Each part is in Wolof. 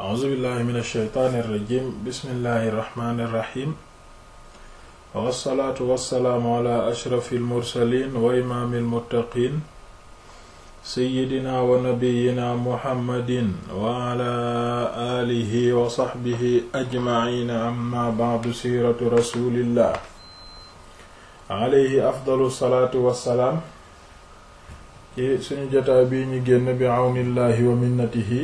auzubillahi min alsheytaani irrajim bismillahi irrahmani irrahim wassalaatu wassalaamu ala ashrafi almursalin wa imaami almuttaqin seyidina wa nabiyina muhammadin wa ala alihi wa saxbihi ajmaciina amma bacdu siiratu rasulillah alayhi afdalu salaatu wassalaam ci suñu jotaay bii ñu génn bi awnillahi wa minnatihi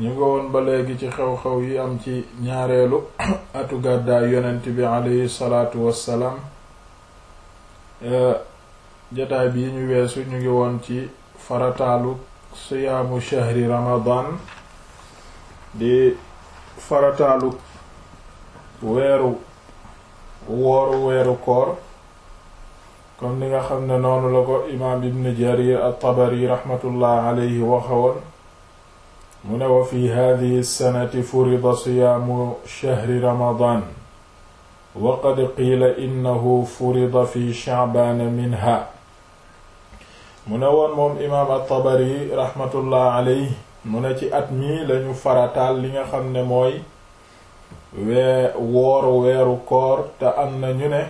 ñu nga woon ba léegi ci xew-xew yi am ci ñaareelu atu gàddaay yonent bi aleyhi salaatu wassalaam euh, jataay bi ñu weesu ñu ngi woon ci farataalu siyaamu shahri ramadan di farataalu weeru wooru weeru koor comme ni nga xam ne noonu la ko imaam ibn jarir at-tabari rahmatullah aleyhi mu ne wa fi hadihi sanati furida siyaamu shahri ramadan wa qad qiila innahu fi sha'baan minha mu ne woon moom imaam at-Tabari rahmatullah mu ne ci at mii lañu farataal li nga xam ne mooy wor wooru weeru koor te am na ñu ne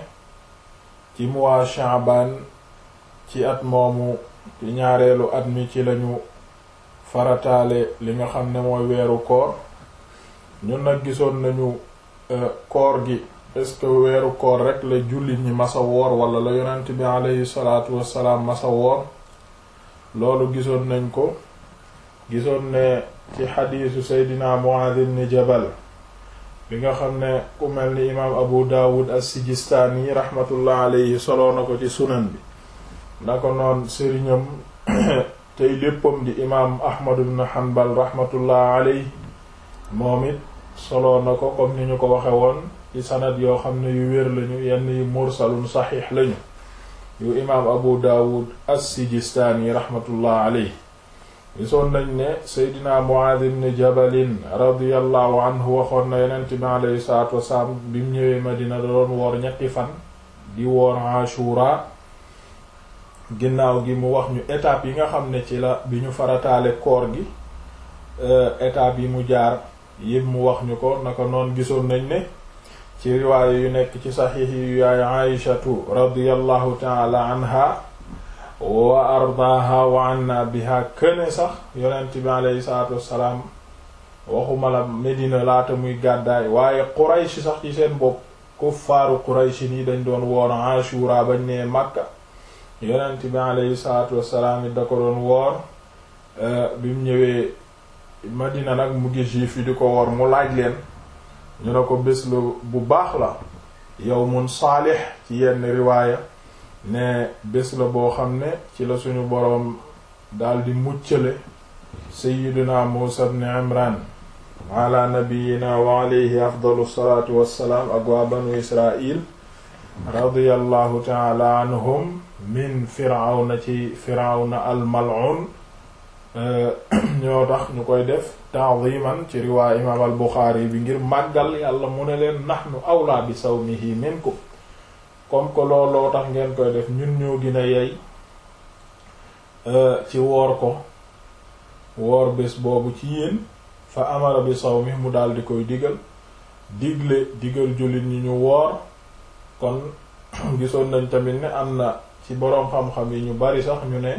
ci mois Sha'baan ci at moomu ñaareelu at mi ci lañu farataale li nga xam ne mooy weeru koor ñun nag gisoon nañu euh, koor gi est-ce que weeru koor rek la jullit ñi masa woor wala la yonent bi aleyhi salaatu wassalaam masa loolu gisoon nañ ko gisoon ne ci xadiisu seydina Muaaz ibn Jabal bi nga xam ne ku mel ni imaam Abu Daawud as-Sijistaani rahmatullah aleyhi soloo na ko ci sunan bi na ko noon sëriñam tey léppam di imaam ahmad ibn hanbal rahmatullah aley moom it soloo na ko kom ni ñu ko waxe woon ci sanad yoo xam ne yu wér lañu yenn yi mursalun saxiix lañu yu imaam abu daawud as-sijistaani rahmatullah aley gisoon nañ ne seydina muaad ibn jabalin radiallahu anhu waxoon na yonent bi aleyhi salaatu wasalaam bi mu ma dina da doon woor ñetti fan di woor ashura ginnaaw gi mu wax ñu étape yi nga xam ne ci la bi ñu farataale koor gi euh, étape yi mu jaar yépp mu wax ñu ko naka noon gisoon nañ ne ci riwaaya yu nekk ci saxiix yu yaay aishatu radiyallahu taala anha wa ardaaha wa anna biha këne sax yonent bi aleyhi salaatu wassalaam waxuma la Medina laata muy gàddaay waaye Quraysh sax ci seen bopp kuffaaru Quraysh nii dañ doon woon Ashura bañ nee Makka yonent bi aleyhi salaatu wassalaam it da ko doon woor euh, bi ñëwee Madina nag mu ngi juif yi di ko woor mu laaj leen ñu ne ko bés la bu baax la yawmun saalix ci yenn riwaaya ne bés la boo xam ne ci la suñu boroom daldi muccale sayyidina Muusa ibn Imran ala nabiyina wa alayhi afdalu salaatu wassalaam anhum min na ci firawna almalun euh, ñoo tax ñu koy def ta'ziman ci riwaay imaam al Buxaari bi ngir màggal yàlla mu ne leen nax nahnu awlaa bi sawmihi minkum comme que looloo tax ngeen koy def ñun ñoo gën yey euh, ci woor ko woor bés boobu ci yéen fa amara bi sawmi mu daal di koy digal digle digal jullit ñi ñu woor kon gisoon nañ tamit ne am na ci boroom xam-xam yi ñu bari sax ñu ne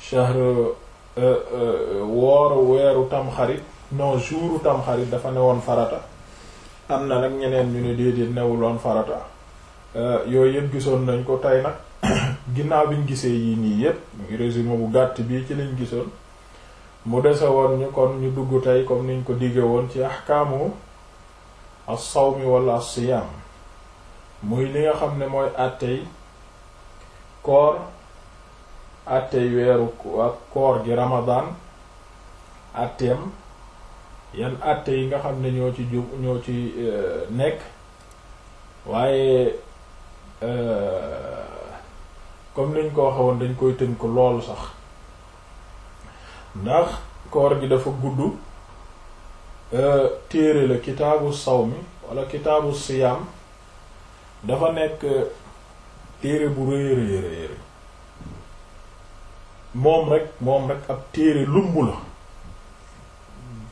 shahr euh, euh, woor weeru tamxarit non jouru tamxarit dafa newoon farata am na nag ñeneen ñu ne déedéet newuloon farata euh, yooyu yëpp gisoon nañ ko tey nag ginnaaw biñ gisee yii nii yëpp muy résumé bu gàtt bii ci lañ gisoon mu dese woon ñu kon ñu dugg tey comme niñ ko diggee woon ci ahkaamu as-sawmi wala as-siyaam muy li nga xam ne mooy àttey koor attey weeru ak koor gi ramadaan atteem yan atte yi nga xam ne ñoo ci jub ñoo ci euh, nekk waaye euh, comme niñ ko waxe woon dañ koy tënk loolu sax ndax koor gi dafa gudd euh, téere la kitaabu mi wala kitaabu siyaam dafa nekk téere bu rëy rëy rëy moom rek moom rek ab téere lumb la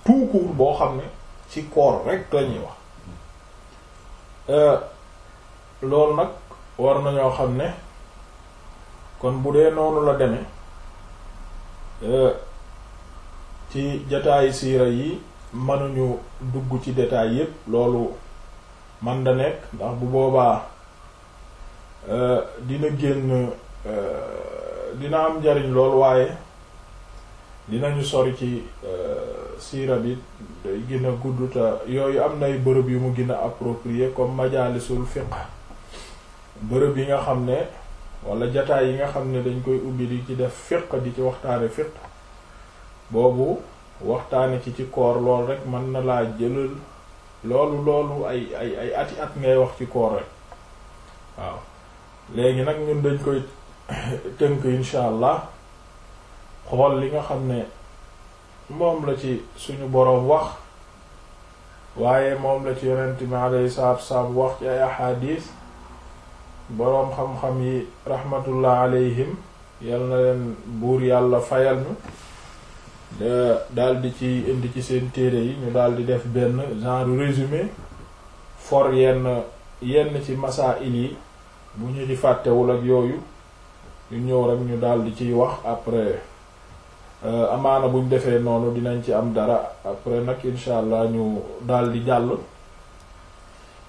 tout court boo xam ne ci koor rek la wax euh, loolu nag war nañoo xam ne kon bu dee noonu la demee euh, ci jataayu siira yi mënuñu dugg ci détail yépp loolu man da nekk ndax bu boobaa Euh, dina génn euh, dina am njariñ lool waaye dinañu sori ci euh, siira bi day gën gudd te yooyu am nay bërëb yu mu gën a approprié comme majalisul fiq bërëb yi nga xam ne wala jataay yi nga xam ne dañ koy ubbi di ci def fiqh di ci waxtaane fiqh boobu waxtaane ci ci koor lool rek mën na laa jëlal loolu loolu ay ay ay ati at ngay wax ci koor rek waaw léegi nag ñun dañ koy tënk insha allah xool li nga xam ne moom la ci suñu boroom wax waaye moom la ci yonent mi alayhi salaatu wax ci ay ahadis boroom xam-xam yi rahmatullah alayhim yal na leen buur yàlla fayal dal di ci indi ci seen téere yi ñu di def benn genre résumé for yenn yenn ci masail yi bu ñu ci fàttewul ak yooyu ñu ñëw rek ñu daal di ciy wax après euh, amaana buñ defee noonu dinañ ci am dara après nag incha allah ñu daal di jàll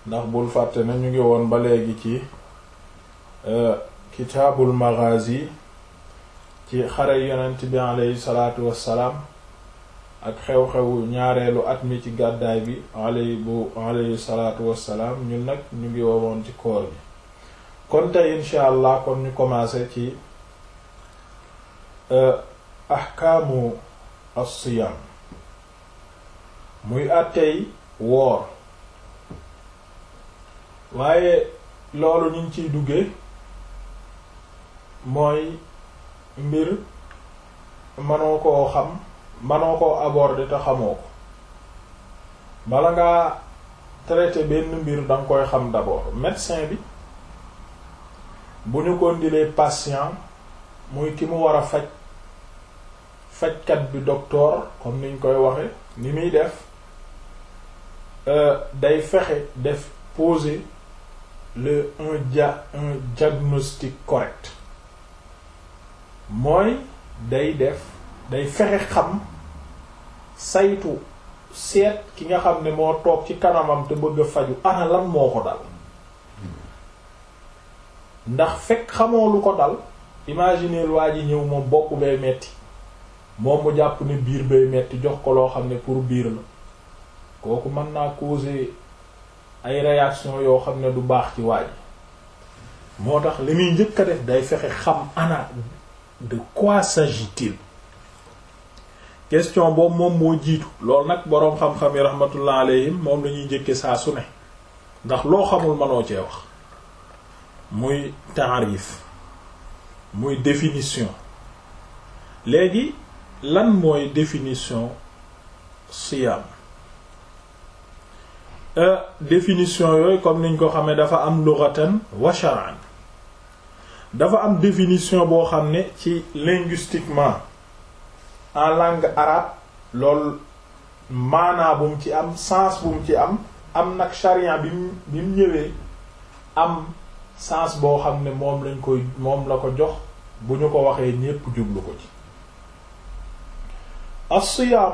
ndax bul fàtte na ñu ngi woon ba léegi ci euh, kitaabul maghazi ci xare yonent bi aleyhi salaatu wassalaam ak xew-xewu ñaareelu at mi ci gàddaay bi aley bu aleyhi salaatu wassalaam ñu nag ñu ngi woon ci koor bi kon te incha allah kon ñu commencé ci euh, ahkaamu as-siyam muy àttey woor waaye loolu ñu ciy dugge mooy mbir manoo koo xam manoo koo aborder te xamoo ko bala ngaa traiter benn mbir danga koy xam d'abord médecin bi bu ñu ko ndilee patient muy ki mu war a faj fajkat bi docteur comme niñ koy waxe ni muy def euh, day fexe def poser le un diagnostic correct mooy day def day fexe xam saytu seet ki nga xam ne moo toog ci kanamam te bëgg a faju ana moo ko dal ndax fekk xamoo lu ko dal imaginer waa ji ñëw moom bokk bay metti moom mu jàpp ne biir bay metti jox ko loo xam ne pour biir la kooku mën naa causer ay réaction yoo xam ne du baax ci waa ji moo tax li muy njëkk a def day fexe xam ana de quoi s'agit-il question boobu moom moo jiitu lool nag boroom xam-xam yi rahmatullah alayhim moom la ñuy njëkke saa su ne ndax loo xamul mënoo cee wax muy taarif muy définition léegi lan mooy définition siyaam euh, définition yooyu comme niñ ko ne dafa am lughatan wa dafa am définition boo xam ne ci linguistiquement en langue arabe loolu maanaa bu mu ci am sens bu ci am am nag charia bi bi mu ñëwee am sens boo xam ne moom lañ koy moom la ko jox bu ñu ko waxee ñépp jublu ko ci as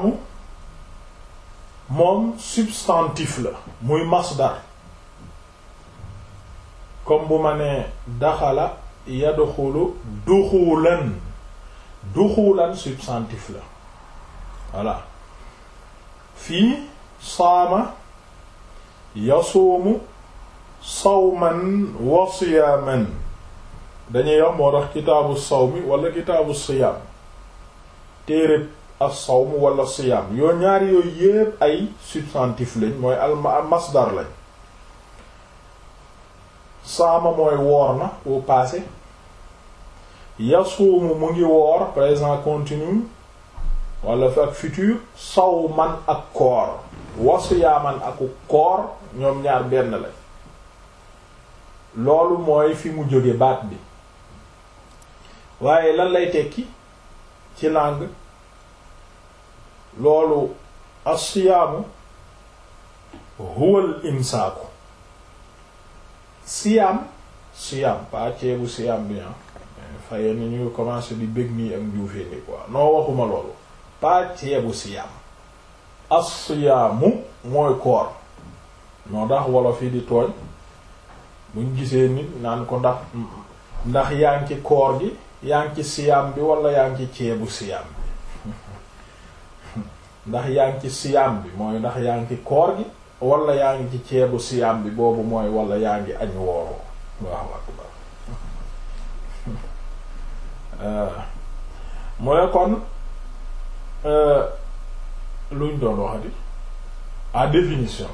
moom substantif la muy masdar comme bu ma nee daxala yadxulu duxulan duxulan substantif la voilà fii saama yasuumu sawman wa siyaaman dañuy wax moo tax kitaabu sawmi wala kitaabu siyaam téereb as-sawm wala siyaam yoo ñaar yooyu yépp ay substantif lañ mooy al masdar lañ saama mooy woor na au passé yasuumu mu ngi woor présent continu wala fi ak futur sawman ak koor wa siyaaman aku koor ñoom ñaar benn lañ loolu mooy fi mu jóge baat bi waaye lan lay tekki ci langue loolu as-siyaamu huwal imsaaku siyaam siyaam pas ceebu siyaam bi ah faye ni ñuy commencé di bëgg nii ak njuufee ni quoi noo waxuma loolu pas ceebu siyaam as mooy koor moo tax wolof yi di tooñ buñ gisee nit naan ko ndax ndax yaa ngi ci koor gi yaa ngi ci siyaam bi wala yaa ngi ci ceebu siyaam bi ndax yaa ngi ci siyaam bi mooy ndax yaa ngi ci koor gi walla yaa ngi ci ceebu siyaam bi boobu mooy wala yaa ngi añ wooroo waaw waaw mu ne kon eh, luñ doon waxati à définition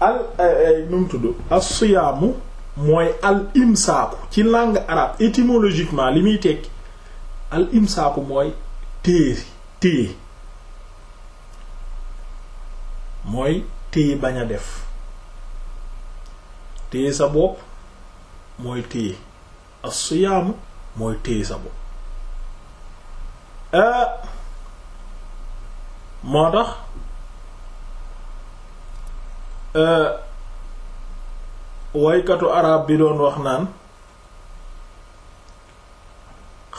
al eh, eh, nu mu tudd as-siyaamu mooy al imsaaku ci langue arabe étymologiquement li muy tekki al imsaaku mooy téye téye mooy téye bañ a def téye sa bopp mooy téye as mooy téye sa bopp euh, moo tax euh, woykatu arab bi doon wax naan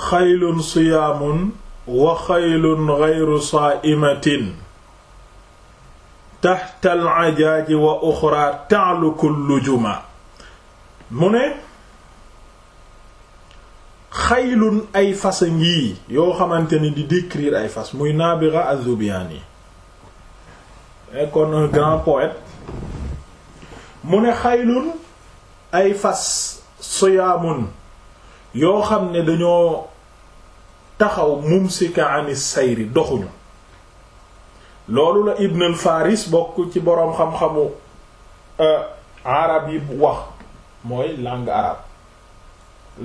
xaylun siyaamun wa xaylun gayru saaimatin taxta alajaaji wa uxra taalu kullu juma mu ne xaylun ay fas a ngii yoo xamante ni di décrire ay fas muy Nabigha az yi nekkoon un grand poète mu ne xaylun ay fas siyaamun yoo xam ne dañoo taxaw mumsika anis sayri doxuñu loolu la Ibn al Faris bokk ci boroom xam-xamu euh, arab yi wax mooy langue arabe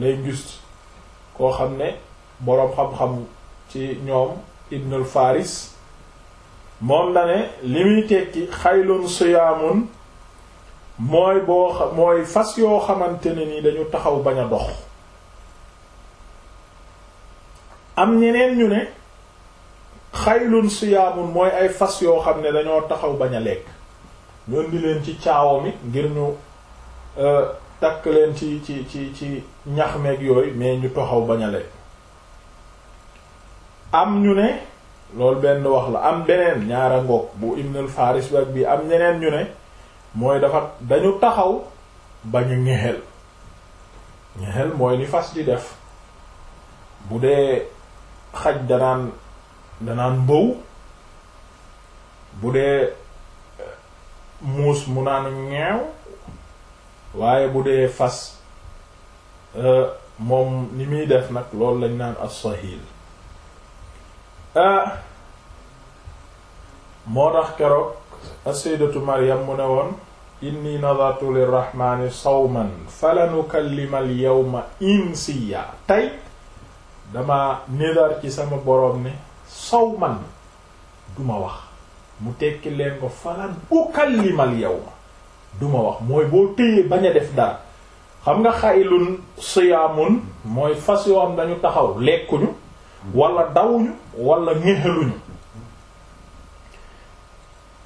linguiste koo xam ne boroom xam-xam ci ñoom Ibn Faris moom la ne li muy tekki xaylun siyaamun mooy boo mooy fas yoo xamante ne nii dañu taxaw bañ a dox am ñeneen ñu ne xaylun siyaamun mooy ay fas yoo xam ne dañoo taxaw bañ a lekk ñoon di leen ci caawo mi ngir ñu e, takk leen ci ci ci ci ñax meeg yooyu mais ñu taxaw bañ a lekk am ñu ne loolu benn wax la am beneen ñaara ngoog bu Ibnul Faris bi bi am ñeneen ñu ne mooy dafa dañu taxaw ba ñu ñexel mooy li fas di def bu dee xaj danaan danaan mbëw bu dee eh, muus mu naan ñeew waaye bu dee fas eh, moom ni muy def nag loolu lañ naan as-sahil eh, moo tax keroog as-sayyidatu Maryam mu ne woon inni nadartu lirrahmani sawman falanukallima al-yawma insiya tey dama nidar ci sama boroom ne man duma wax mu tekki leen ko falan ukallima al-yawma duma wax mooy boo téyee bañ a def dara xam nga xaylun siyaamun mooy fas yoo dañu taxaw lekkuñu wala dawuñu wala ñeexaluñu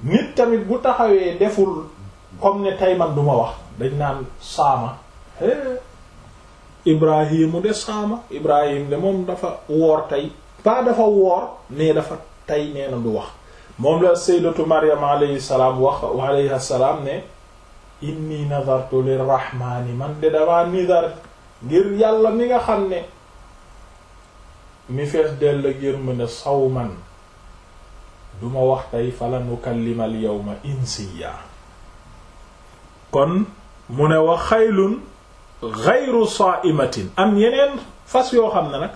nit tamit bu taxawee deful comme ne tey man duma wax dañ naan saama ibrahimu de saama ibrahim de moom dafa woor tey pas dafa woor mais dafa tey nee na du wax moom la sayyidatu maryam alayhi salaam wax alayha salaam ne inni nadartu lirrahmani man de damaa nidar ngir yàlla mi nga xam ne mi fees dell ngir mu ne man du ma wax tey fala nukallimal yawma insiya kon mu ne wax xaylun ghayru sa'imatin am yeneen fas yoo xam ne nag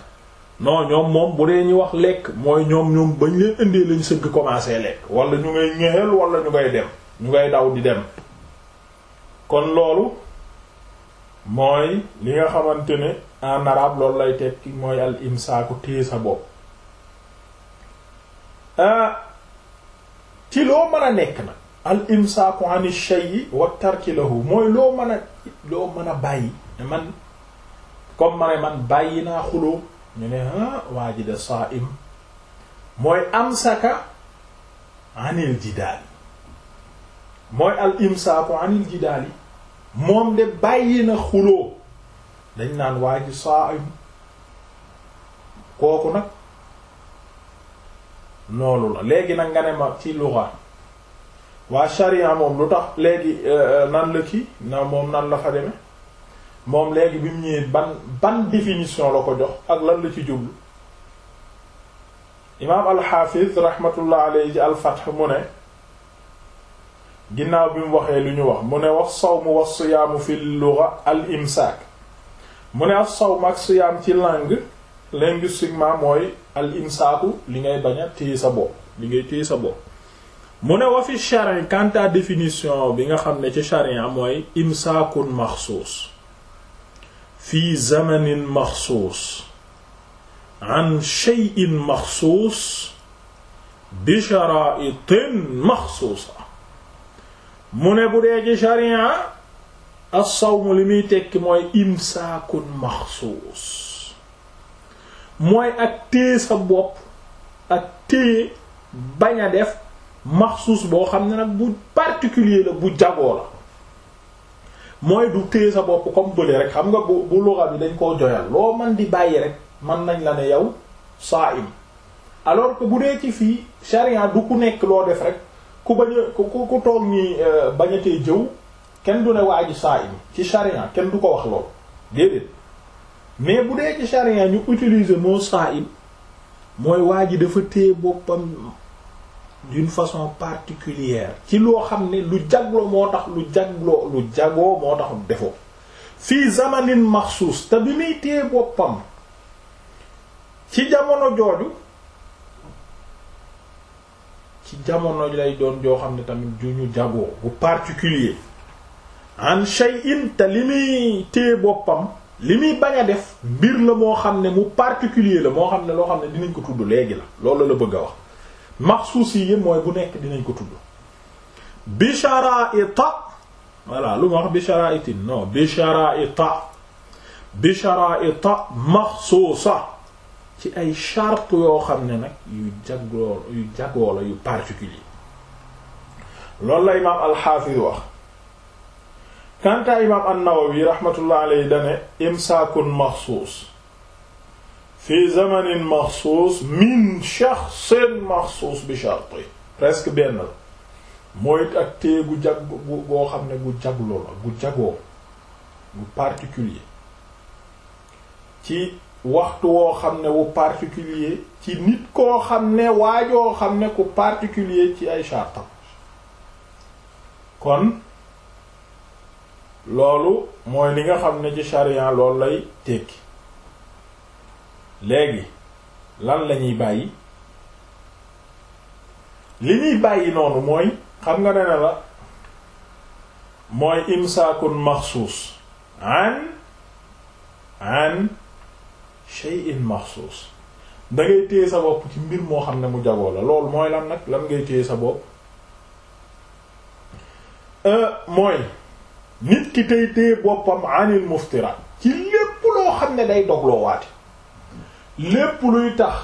non ñoom moom bu dee ñu wax lekk mooy ñoom ñoom bañ leen indee lañ sëgg commencé lekk wala ñu ngay ñëxel wala ñu ngay dem ñu ngay daw di dem kon loolu mooy li nga xamante ne en arabe loolu lay tekki mooy al imsaaku téye sa bopp ah, ci loo mën a nekk nag al imsaaku an ash-shay wa tarki lahu mooy loo mën a loo mën a bàyyi man comme ma ne man bàyyi naa xuloo ñu ne ah waa ji de saa'im mooy amsaka anil jidaali mooy al imsaaku anil jidaali moom de bàyyi na xuloo dañ naan waa ji saa'im kooku nag loolu la léegi nag nga ne ma ci luga waa sharia moom lu tax léegi euh, nan la kii na moom nan la fa moom léegi bi mu ñëwee ban ban définition la ko jox ak lan la ci jublu imaam alxaafiz rahmatullah alayhi alfath mu ne ginnaaw bi mu waxee lu ñu wax mu ne wax mu wax siyaamu fi luga al imsaak mu ne as sawm ak siyaam ci langue linguistiquement mooy al imsaaku li ngay bañ a téye sa bopp li ngay téye sa bopp mu ne wa fi charin à définition bi nga xam ne ci charin mooy imsaakun maxsuus fi zamanin maxsuus an shay'in maxsuus bi sharaa'itin maxsuusa mu ne bu dee ci charin as-sawm li muy tekki mooy imsaakun maxsuus mooy ak téye sa bopp ak téye bañ a def maxsuus boo xam ne nag bu particulier la bu jagoo la mooy du téye sa bopp comme bële rek xam nga bu bu luxa bi dañ koo joyal loo man di bàyyi rek mën nañ la ne yow saa im alors que bu dee ci fii sharia du ku nekk loo def rek ku bañ a ku ku toog ñi euh, bañ a jëw kenn du ne waa ji saa im ci sharia kenn du ko wax loolu déedéet mais bu dee ci charia ñu utiliser moo saa il mooy waa ji dafa téye boppam d'une façon particulière ci loo xam ne lu jagloo moo tax lu jagloo lu jagoo moo tax defoo fii zamanin maxsuus te bi muy téye boppam ci jamono jooju ci jamono lay doon joo xam ne tamit ju ñu jagoo bu particulier an shay'in te li muy téye boppam li muy bañ a def mbir la moo xam ne mu particulier la moo xam ne loo xam ne dinañ ko tudd léegi la loolu la bëgg a wax maxsuus yi yëpp mooy bu nekk dinañ ko tudd bisharaita voilà lu ma wax bisharaitin non bisharaita bisharaita maxsuusa ci ay charte yoo xam ne nag yu jagloo yu jagoo la yu particulier loolu la imaam alxaafis wax kanta imaam an-Nawawi rahmatullah alayhi dane imsaakun maxsuus fi zamanin maxsuus min shaxsin maxsuus bi sharti presque benn la mooy ak tee gu jag goo xam ne gu jagloo la gu jagoo gu particulier ci waxtu woo xam ne wu particulier ci nit koo xam ne waajoo xam ne ku particulier ci ay chartam kon loolu mooy li nga xam ne ci sharia loolu lay tekki léegi lan lañuy bàyyi li ñuy bàyyi noonu mooy xam nga ne ne la mooy imsaakun maxsuus an an shay'in maxsuus da ngay téye sa bopp ci mbir moo xam ne mu jagoo la loolu mooy lan nag lan ngay téye sa bopp euh mooy nit ki tey tey boppam anil muftira ci lépp loo xam ne day dogloo waate lépp luy tax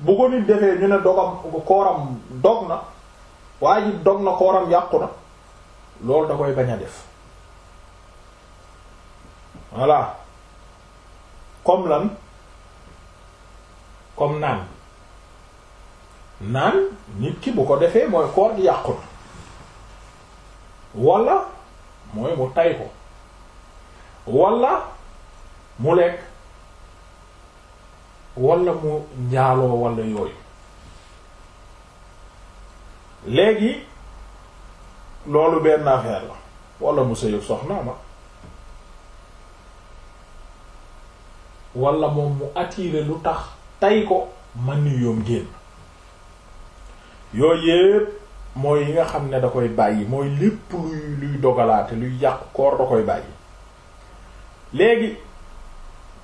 bu ko nit defee ñu ne dogam kooram dog na waa ji dog na kooram yàqu na loolu da koy bañ a def voilà kom lan kom naan naan nit ki bu ko defee mooy koor yàqu na walla mooy mu tay ko wala mu lekk wala mu njaaloo walla yooyu léegi loolu benn affaire la wala mu sëy soxna ma wala moom mu attiré lu tax tay ko man ni yoom génn yooyu yépp mooy yi nga xam ne da koy bàyyi mooy lépp luy luy dogalaate luy yàqu koor da koy bàyyi léegi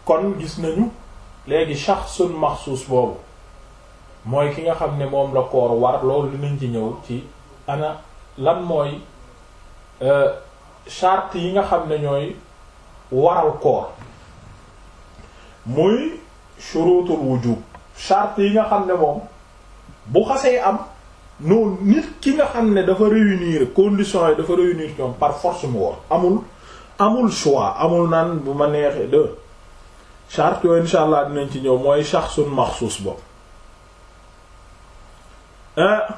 kon gis nañu léegi shaxsun maxsuus boobu mooy ki nga xam ne moom la koor war loolu dinañ ci ñëw ci ana lan mooy euh, charte yi nga xam ne ñooy waral koor muy shurutul wujub charte yi nga xam ne moom bu xasee am non nit ki nga xam ne dafa réunir conditions yi dafa réunir ñoom par force mu war amul amul choix amul naan bu ma neexee de charte yooyu insha allah dinañ ci ñëw mooy shakhsun maxsuus boobu ah.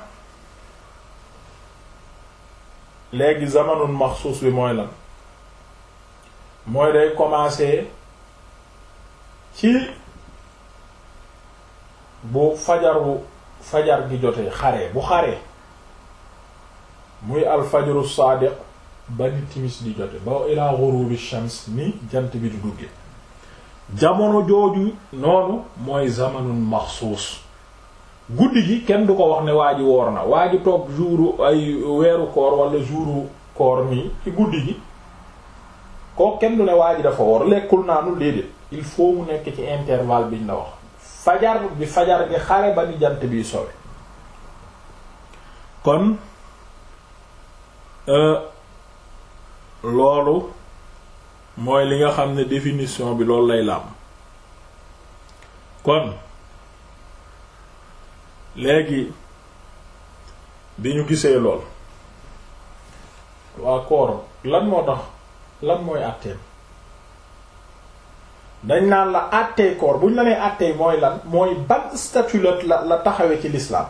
léegi zamanun maxsuus bi mooy lan mooy day commencer ci bu fajaru fajar gi jotee xaree bu xare muy alfajaru saadiq ba ni timis di jote ba ilaa ghurubi shams ni jant bi di dugge jamono jooju noonu mooy zamanun maxsuus guddi gi kenn du ko wax ne waa ji woor na waa ji toog jouru ay weeru koor wala jouru koor nii ci guddi gi koo kenn du ne waa ji dafa woor lekkul naanul déedéet il faut mu nekk ci intervalle biñ la wax fajar bi fajar gi xare ba ni jant bi sowe kon euh, loolu mooy li nga xam ne définition bi loolu lay làmb kon léegi bi ñu gisee lool waa koor lan moo tax lan mooy àtteem dañ naan la àttee koor bu ñu la nee àttee mooy lan mooy ban statut la la taxawee ci lislaam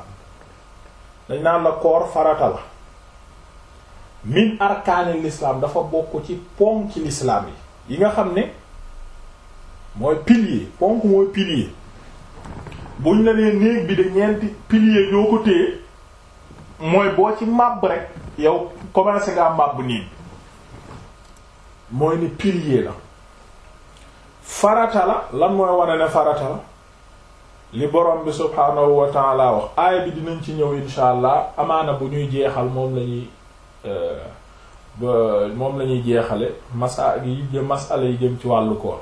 dañ naan la koor farata la min arkaani l'islam dafa bokk ci ponk ci l'islam yi yi nga xam ne mooy pilier ponk mooy pilier buñ la nee néeg bi de ñeenti pilier ñoo ko téye mooy boo ci màbb rek yow commencé ngaa màbb nii mooy ni pilier la farata la lan mooy wane ne farata li borom bi subhaanahu wa wax aaya bi dinañ ci ñëw insha allah amaana bu ñuy jeexal moom lañuy euh, moom lañuy jeexale masa yi jëm masala yi jëm ci wàllu koor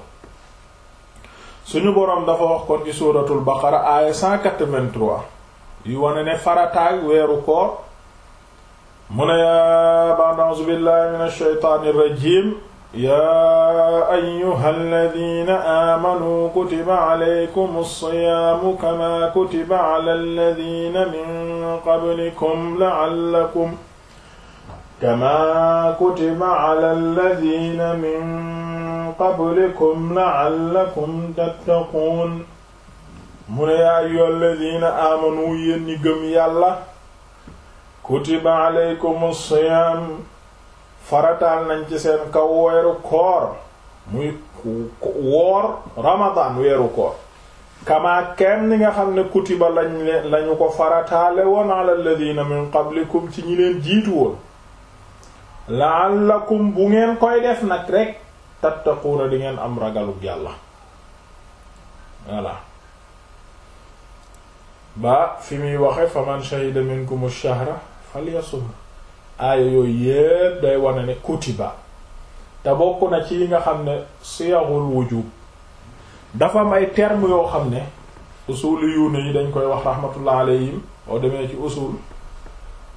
suñu boroom dafa wax kon ci suuratul baqara aaya 183 yi wane ne farataag weeru koor mu ne ba'd a'uuzu billahi minash shaytaanir rajiim yaa ayyuhal ladiina aamanuu kutiba alaykumus siyaamu kamaa kutiba alal ladiina min qablikum la'allakum kamaa kutiba alal ladiina min qablikum la'allakum tattaquun mu ne yaa ayyuhal ladiina aamanuu yéen ñi gëm yàlla kutiba alaykumus siyaam farataal nañ ci seen kaw weeru koor muy woor ramadan weeru koor kamaa kenn ni nga xam ne kutiba lañ leen lañu ko farataale woon ala alladina min qablikum ci ñi leen jiitu woon la'allakum bu ngeen koy def nag rek tattaquuna di ngeen am ragalug yàlla voilà ba fi muy waxe faman shahida minkum ash-shahra falyasum aaya yooyu yépp day wane ne kutiba te bokk na ci yi nga xam ne siyaxul wujub dafa am ay terme yoo xam ne yu yuune yi dañ koy wax rahmatullah alayhim boo demee ci usul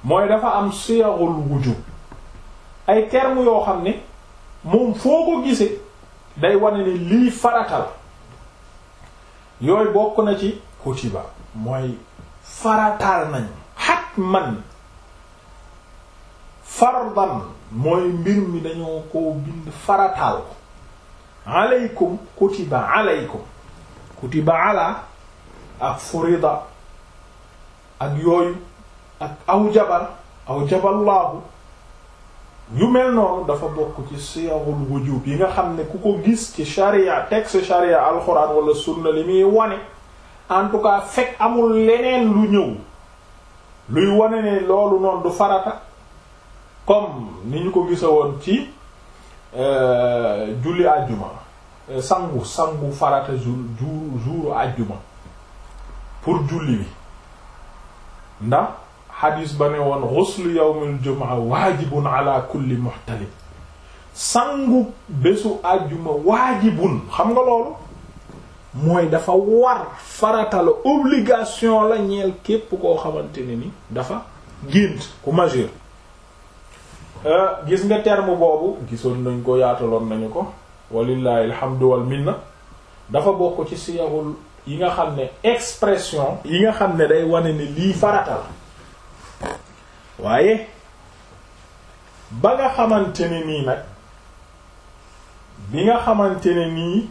mooy dafa am siyaxul wujub ay terme yoo xam ne moom foo ko gisee day wane ni lii farata la bokk na ci kutiba mooy farataal nañ xat man fardan mooy mbir mi dañoo koo bind farataal ko aleykum kutiba aleykum kutiba ala ak furida ak yooyu ak aw jabal aw jaballaahu yu mel noonu dafa bokk ci siyawul wujub yi nga xam ne ku ko gis ci sharia tex sharia alxuraan wala sunna li muy wone en tout fekk amul leneen lu ñëw luy wone ne loolu noonu du farata comme ni ñu ko gisa woon ci euh, julli àjjuma euh, sangu sangu farata jour jour jouru àjjuma pour julli bi ndax xadiis ba ne woon ghuslu yawmil jumaa waajibun ala kulli muhtalim sangu bésu àjjuma waajibun xam nga loolu mooy dafa war farata obligation la ñeel képp koo xamante ne ni dafa gént ku majeur Euh, gis nga terme boobu gisoon nañ ko yaataloon nañu ko walillahi alhamdu wal minna dafa bokk ci siyahul yi nga xam ne expression yi nga xam ne day wane ni lii farata waaye ba nga xamante ne nii nag bi nga xamante ne nii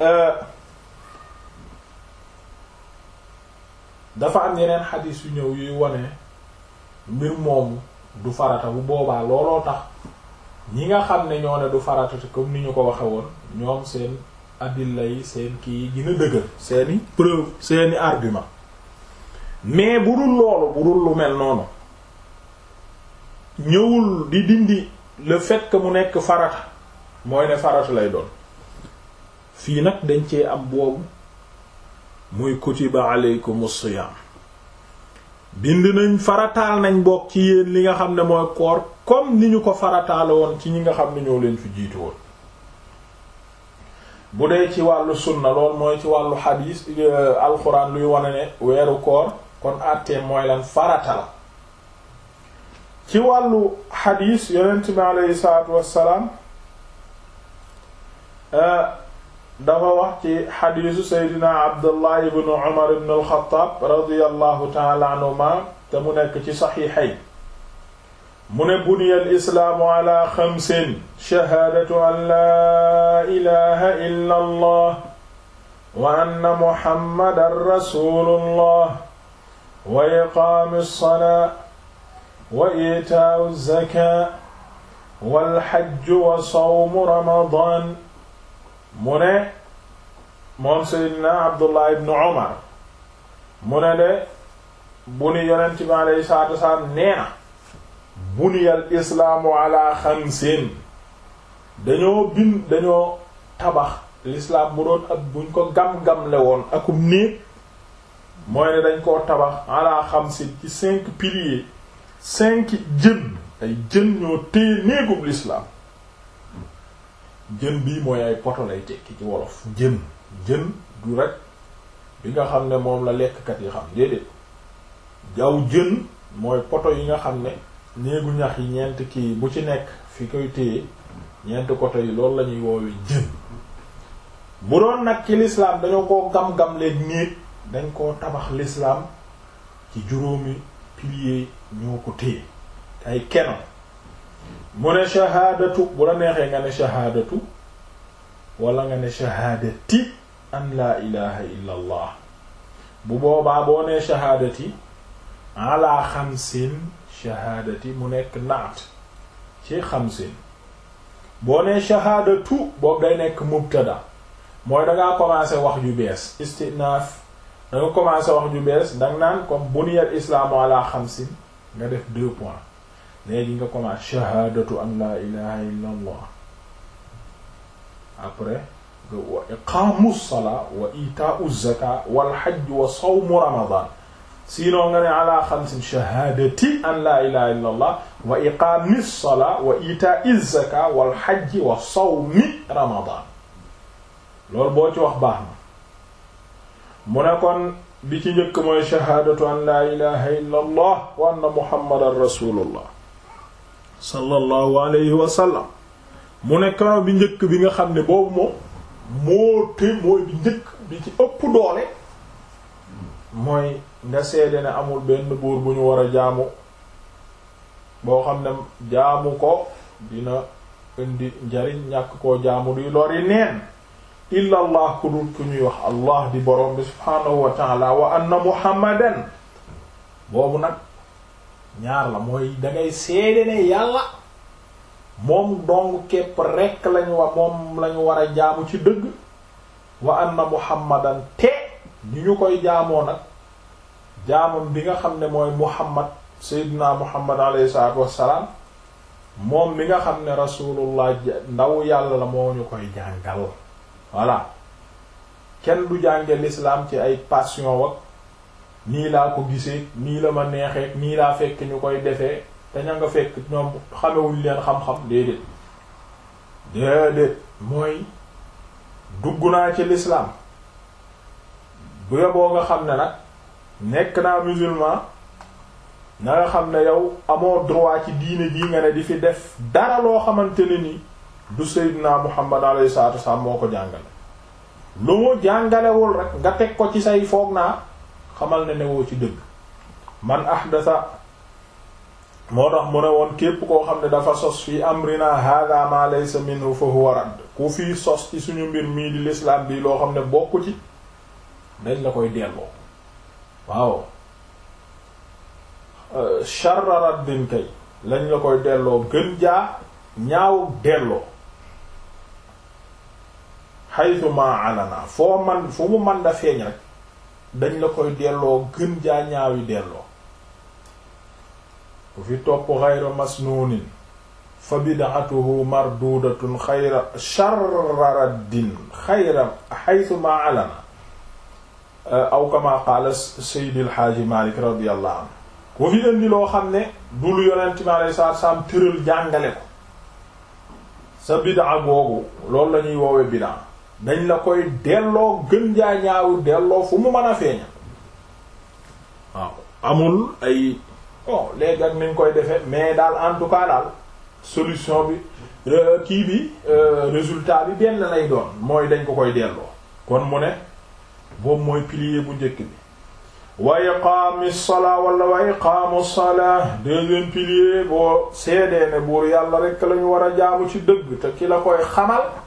euh, dafa am yeneen xadiis yu ñëw yuy wone mbir moomu du farata bu boobaa looloo tax ñi nga xam ne ñoo ne du farata comme ni ñu ko waxe woon ñoom seen adilla yi seen kii gën a dëgër seeni preuve seeni argument mais bu dul loolu bu dul lu mel noonu ñëwul di dindi le fait mu nekk farata mooy ne farata lay doon fii nag dañ cee am boobu muy kutiba aleykumus siyam bind nañ farataal nañ bokk ci yéen li nga xam ne mooy koor comme ni ñu ko farataal woon ci ñi nga xam ne ñoo leen fi jiitu woon bu dee ci wàllu sunna lool mooy ci wàllu xadiis euh, alxuraan luy wane ne weeru koor kon àttee mooy lan farata la ci wàllu xadiis yonent bi aleyhi salaatu wassalaam euh, dafa wax ci xadiisu seydina abdullah ibnu umar ibn alxataab radiallahu taala anhuma te mu nekk ci saxiixay mu ne buniya alislaamu ala xamsin shahaadatu an laa ilaha illa allah wa anna muhammadan rasulullah wa iqaami alsalaa wa itaau alzakaa wal hajju wa sawmu ramadan mu ne moom seydina abdullah ibnu omar mu ne de bu ni yonent bi aleyhi salaatu nee na buniyal islaamu ala xamsin dañoo bin dañoo tabax lislaam bu doon ak buñ ko gam-gamle woon akum néeg mooy ne dañ koo tabax ala xamsin ci cinq piliers cinq jën ay jën ñoo téye néegub lislaam jën bii mooy ay poto lay tekki ci wolof jën jën du rek bi nga xam ne moom la lekkkat yi xam déedéet jaw jën mooy poto yi nga xam ne néegu ñax yi ñeent kii bu ci nekk fi koy téye ñeent poto yi loolu la ñuy woowe jën bu doon nag ci lislaam dañoo ko gam-gam léegi néeg dañ koo tabax lislaam ci juróomi pilier ñoo ko téye ay keno mu ne shahaadatu bu la neexee nga ne shahaadatu wala nga ne shahaadati an laa ilaha illa bu boobaa boo nee shahaadati ala shahaadati mu nekk naat ci xamsin boo nee shahaadatu boobu day nekk mubtada mooy dangaa commencé wax ju bees istinaaf danga commencé wax ju bees danga naan comme buniyal islaamu ala nga def léegi nga commence shahaadatu an laa ilaha illa allah après nga wa iqaamu salaa wa itaau zaka wal hajj wa sawmu ramadan sinon nga ne ala xamsin shahaadati an laa ilaha illa allah wa iqaami salaa wa itaai zaka wal hajj wa sawmi ramadan loolu boo ci wax baax na mu ne kon bi ci njëkk mooy shahaadatu an laa ilaha illa allah wa anna muhammadan rasulullah sallallahu alayhi wa sallam mu ne kano bi njëkk bi nga xam ne boobu moom moo te mooy bi njëkk bi ci ëpp doole mooy nga seede ne amul benn buur bu ñu war a jaamu boo xam ne jaamu ko dina indi njariñ ñàkk koo jaamu duy lori neen illa allah ku dul ku ñuy wax allah di borom bi subhaanahu wa taala wa anna muhammadan boobu nag ñaar la mooy dangay seede ne yàlla moom dong képp rekk lañu wa moom lañu war a jaamu ci dëgg wa anna muhammadan te ñu ñu koy jaamoo nag jaamam bi nga xam ne mooy muhammad seydina muhammad alayhi salaatu wassalaam moom li nga xam ne rasulullah ndaw yàlla la moo ñu koy jàngal voilà kenn du jànge l'islam ci ay passion wak nii laa ko gisee nii la ma neexee nii laa fekk ñu koy defee te ña nga fekk ñoom xamewuñ leen xam-xam déedéet déedéet mooy dugg naa ci lislaam bu yoboo nga xam ne nag nekk naa musulman na nga xam ne yow amoo droit ci diine jii nga ne di fi def dara loo xamante ne ni du Seydina Muhammad alayhi salaatu wasallam moo ko jàngale lu mu jàngalewul rek nga teg ko ci say foog naa xamal ne newoo ci dëgg man ahdasa moo tax mu ne woon képp koo xam ne dafa sos fi amrina hada ma laysa minhu fa huwa radd ku fii sos ci suñu mbir mii di l'islam bi loo xam ne bokku ci dañ la koy delloo waaw euh, sharra raddin kay lañ la koy delloo gën jaa ñaaw delloo haythu ma alana foo man fu mu man da feeñ rek dañ la koy delloo gën jaa ñaawi delloo ku fi topp xayra masnuunin fa bid'atuhu mardudatun xayra sharra raddin xayra xaytuma alana aw kama qaala Seydi El Hadji Malick ku fi indi loo xam ne du lu yonent mi alayhi salaatu salaam jàngale ko sa bid'a googu loolu la ñuy woowe bid'a dañ la koy delloo gën jaa ñaawu delloo fu mu mën a feeña waaw amul ay bon léegi ak niñ koy defee mais daal en tout cas daal solution bi euh, kii bi euh, résultat bi benn lay doon mooy dañ ko koy delloo kon mu ne boobu mooy pilier bu njëkk bi wa iqaami salaa wala wa iqaamu salaa deuxième pilier boo seedee ne buur yàlla rekk lañu war a jaamu ci dëgg te ki la koy xamal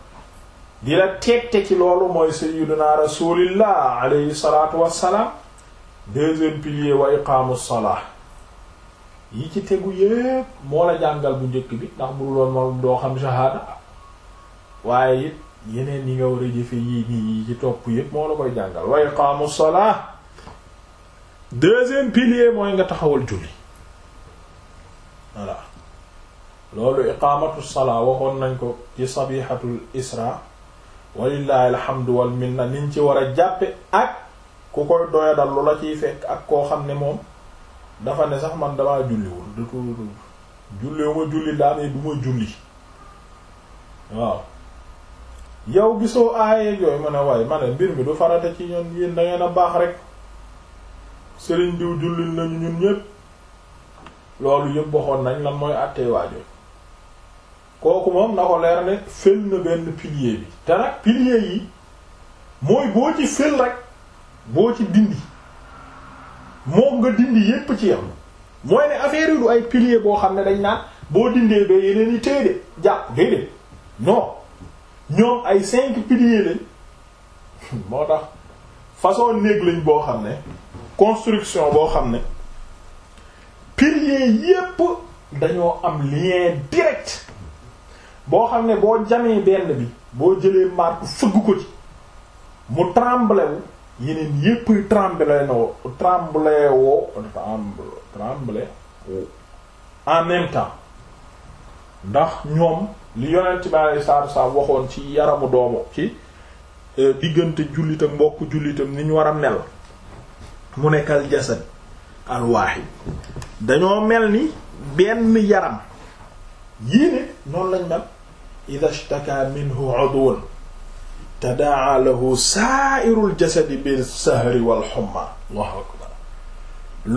di la tegte ci loolu mooy sayyiduna rasulillah alayhi salatu wassalam deuxième pilier wa iqaamu salah yi ci tegu yépp moo la jàngal bu njëkk bi ndax bu loolu moom doo xam shahada waaye it yeneen yi nga war a jëfe yii nii yi ci topp yépp moo la koy jàngal wa iqaamu salah deuxième pilier mooy nga taxawal julli voilà loolu iqaamatu salaa waxoon nañ ko ci sabihatul isra walillahi alhamdu wal minna niñ ci war a jàppe ak ku koy doyadal lu la ciy fekk ak koo xam ne moom dafa ne sax man damaa julliwul du julliwu ma julli daane du ma julli waaw yow gisoo aaye yooyu ma waaye ma mbir mi du farata ci ñoom yéen da ngeen a baax rek sëriñ diw julli nañu ñun ñépp loolu yëpp waxoon nañ lan mooy àttee waajooy kooku moom na ko leer ne fël na benn pilier bi te nag pilier yi mooy boo ci fël rek boo ci dindi moom nga dindi yépp ci yam mooy ne affaire du ay pilier boo xam ne dañ naan boo dindee ba yeneen yi téye de jàpp déedéet non ñoom ay cinq piliers lañ moo tax façon néeg lañ boo xam ne construction boo xam ne pilier yépp dañoo am lien direct boo xam ne boo jamee benn bi boo jëlee marque fëgg ko ci mu tremble wu yeneen yéppay tremble no en même temps ndax ñoom li yonent bi alei saatu salaam waxoon ci yaramu doomu ci e, diggante jullitam mbokk jullitam ni ñu war a mel mu nekk al jasad al wahid dañoo mel ni benn yaram yéene noonu lañ mel ida shtaka minhu udwun tada'a lahu sa'irul jasadi bil sahri wal humma allahu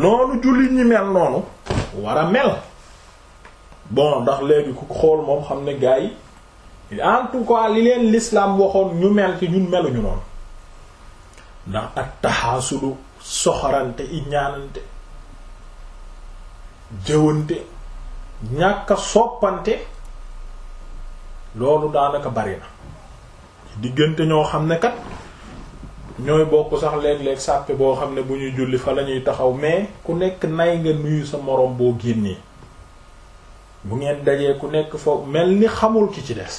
noonu jullit ñi mel noonu war a mel bon ndax léegi ku xool moom xam ne gars yi en tout leen l'islam waxoon ñu mel ci ñun meluñu noonu ndax ak taxaasulu soxorante i ñaanante jëwante ñàkk soppante loolu daanaka bari na diggante ñoo xam ne kat ñooy bokk sax léeg-léeg sàppe boo xam ne bu ñuy julli fa la ñuy taxaw mais ku nekk nay nga nuyu sa moroom boo génnee bu ngeen dajee ku nekk foofu mel ni xamul ki ci des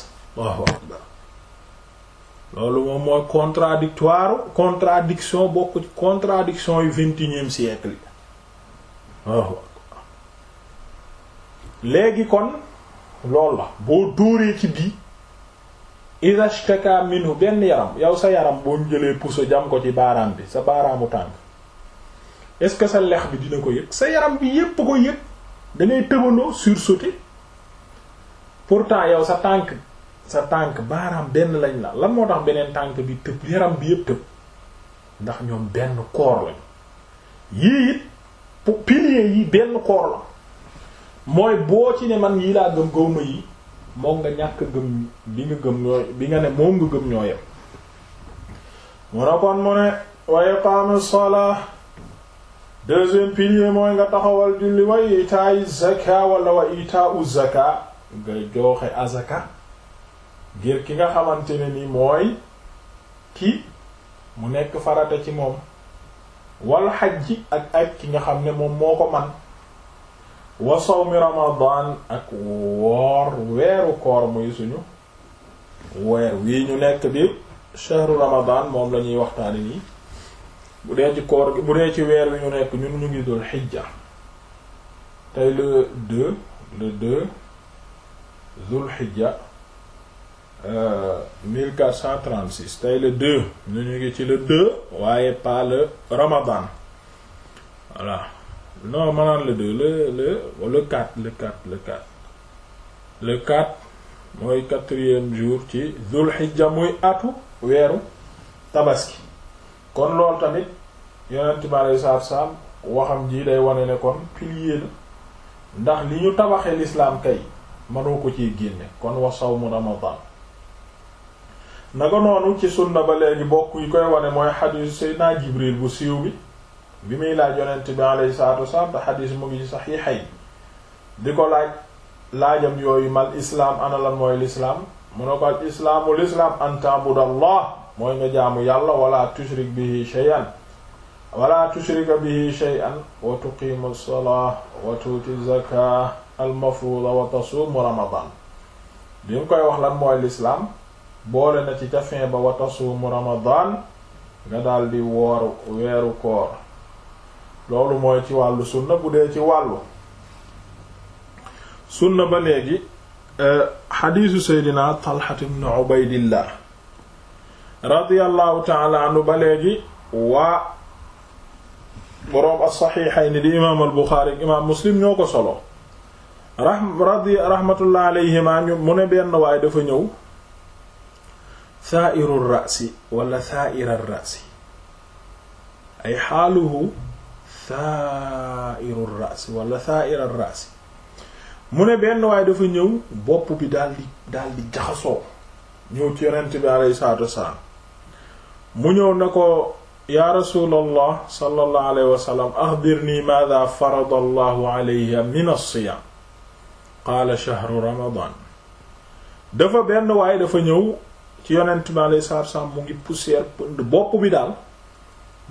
loolu moom mooy contradictoire contradiction bokk contradiction yu vingt et unième siècle waaw léegi kon loolu la boo dóoree ci bii ishtaka minhu benn yaram yow sa yaram boo ñu jëlee puso jam ko ci baaraam bi sa baaraamu tànk est-ce que sa lex bi dina ko yëg sa yaram bi yëpp ko yëg dangay tëbanoo sursauter pourtant yow sa tànk sa tànk baaraam benn lañ la lan moo tax beneen tànk bi tëb yaram bi yépp tëb ndax ñoom benn koor lañ yii it piliers yi benn koor la mooy boo ci ne man yii laa gëm gëw ma yi moom nga ñàkk gëm bi nga gëm ñooy bi nga ne moom nga gëm ñoo yem mu kon mu ne wa iqaamu salaa mooy nga taxawal julli wa itaayi zaka wala wa itaau zaka nga jooxe azaka ngir ki nga xamante ne ni mooy ki mu nekk farata ci moom wal xaj ji ak ak ki nga xam ne moom moo ko man wasow sawmi ramadan ak woor weeru koor muy suñu weer wii ñu nekk bi shahru ramadan moom la ñuy waxtaani nii bu dee ci koor bu dee ci weer wi ñu nekk ñun ñu ngi dul xijja tey le 2 le 2 zul xijja euh, tey le 2 ñu ngi ci le 2 waaye pas le ramadan voilà no maanaam le deux le le le quatre mooy quatrième jour ci Zul Hijja muy atu weeru tabaski kon loolu tamit yonent bi alei salaatu waxam ji day wane ne kon pilier ndax li ñu tabaxee l'islam kay mënoo ko ci génne kon wa sawmu ramadan naka noonu ci sunna ba léegi bokk yi koy wane mooy xadiisu Seydina Jibril bu siiw bi bi muy laaj yonent bi alayhi salaatu wasalaam te xadiis mu ngi ci di ko laaj laajam yooyu mal islaam ana lan mooy lislaam mu ne ko al islaamu lislaam an mooy nga jaamu yàlla wala tushrik bihi shay'an wala tushrika bihi shay'an wa tuqimu as-salaa wa tuuti zakaa al-mafruuda wa tasuumu bi mu koy wax lan mooy lislaam boole na ci ca fin ba wa tasuumu nga daal di wooru weeru koor loolu mooy ci wàllu sunna bu dee ci wàllu sunna ba léegi euh, xadiisu seydina talhat ibn ubaydillah radiyallahu taala anhu ba léegi waa boroom as-saxiixayni di imaam al-buxaari imaam muslim ñoo ko solo ra radi rahmatullah alayhima ñu mu ne benn waaye dafa ñëw saa'irur ra'si wala saa'irur ra'si ay xaaluhu saa'iru raasi wala saa'ira raasi mu ne benn waaye dafa ñëw bopp bi dal di daal di jaxasoo ñëw ci yonent bi alayhi salaatu wassalaam mu ñëw na ko yaa rasulallah sallallahu alayhi wa sallam axbirnii maadaa farada allahu alayya min as-siyaam qaala ramadaan dafa benn waaye dafa ñëw ci yonent bi alayhi salaatu wassalaam mu ngi poussière pënd bopp bi daal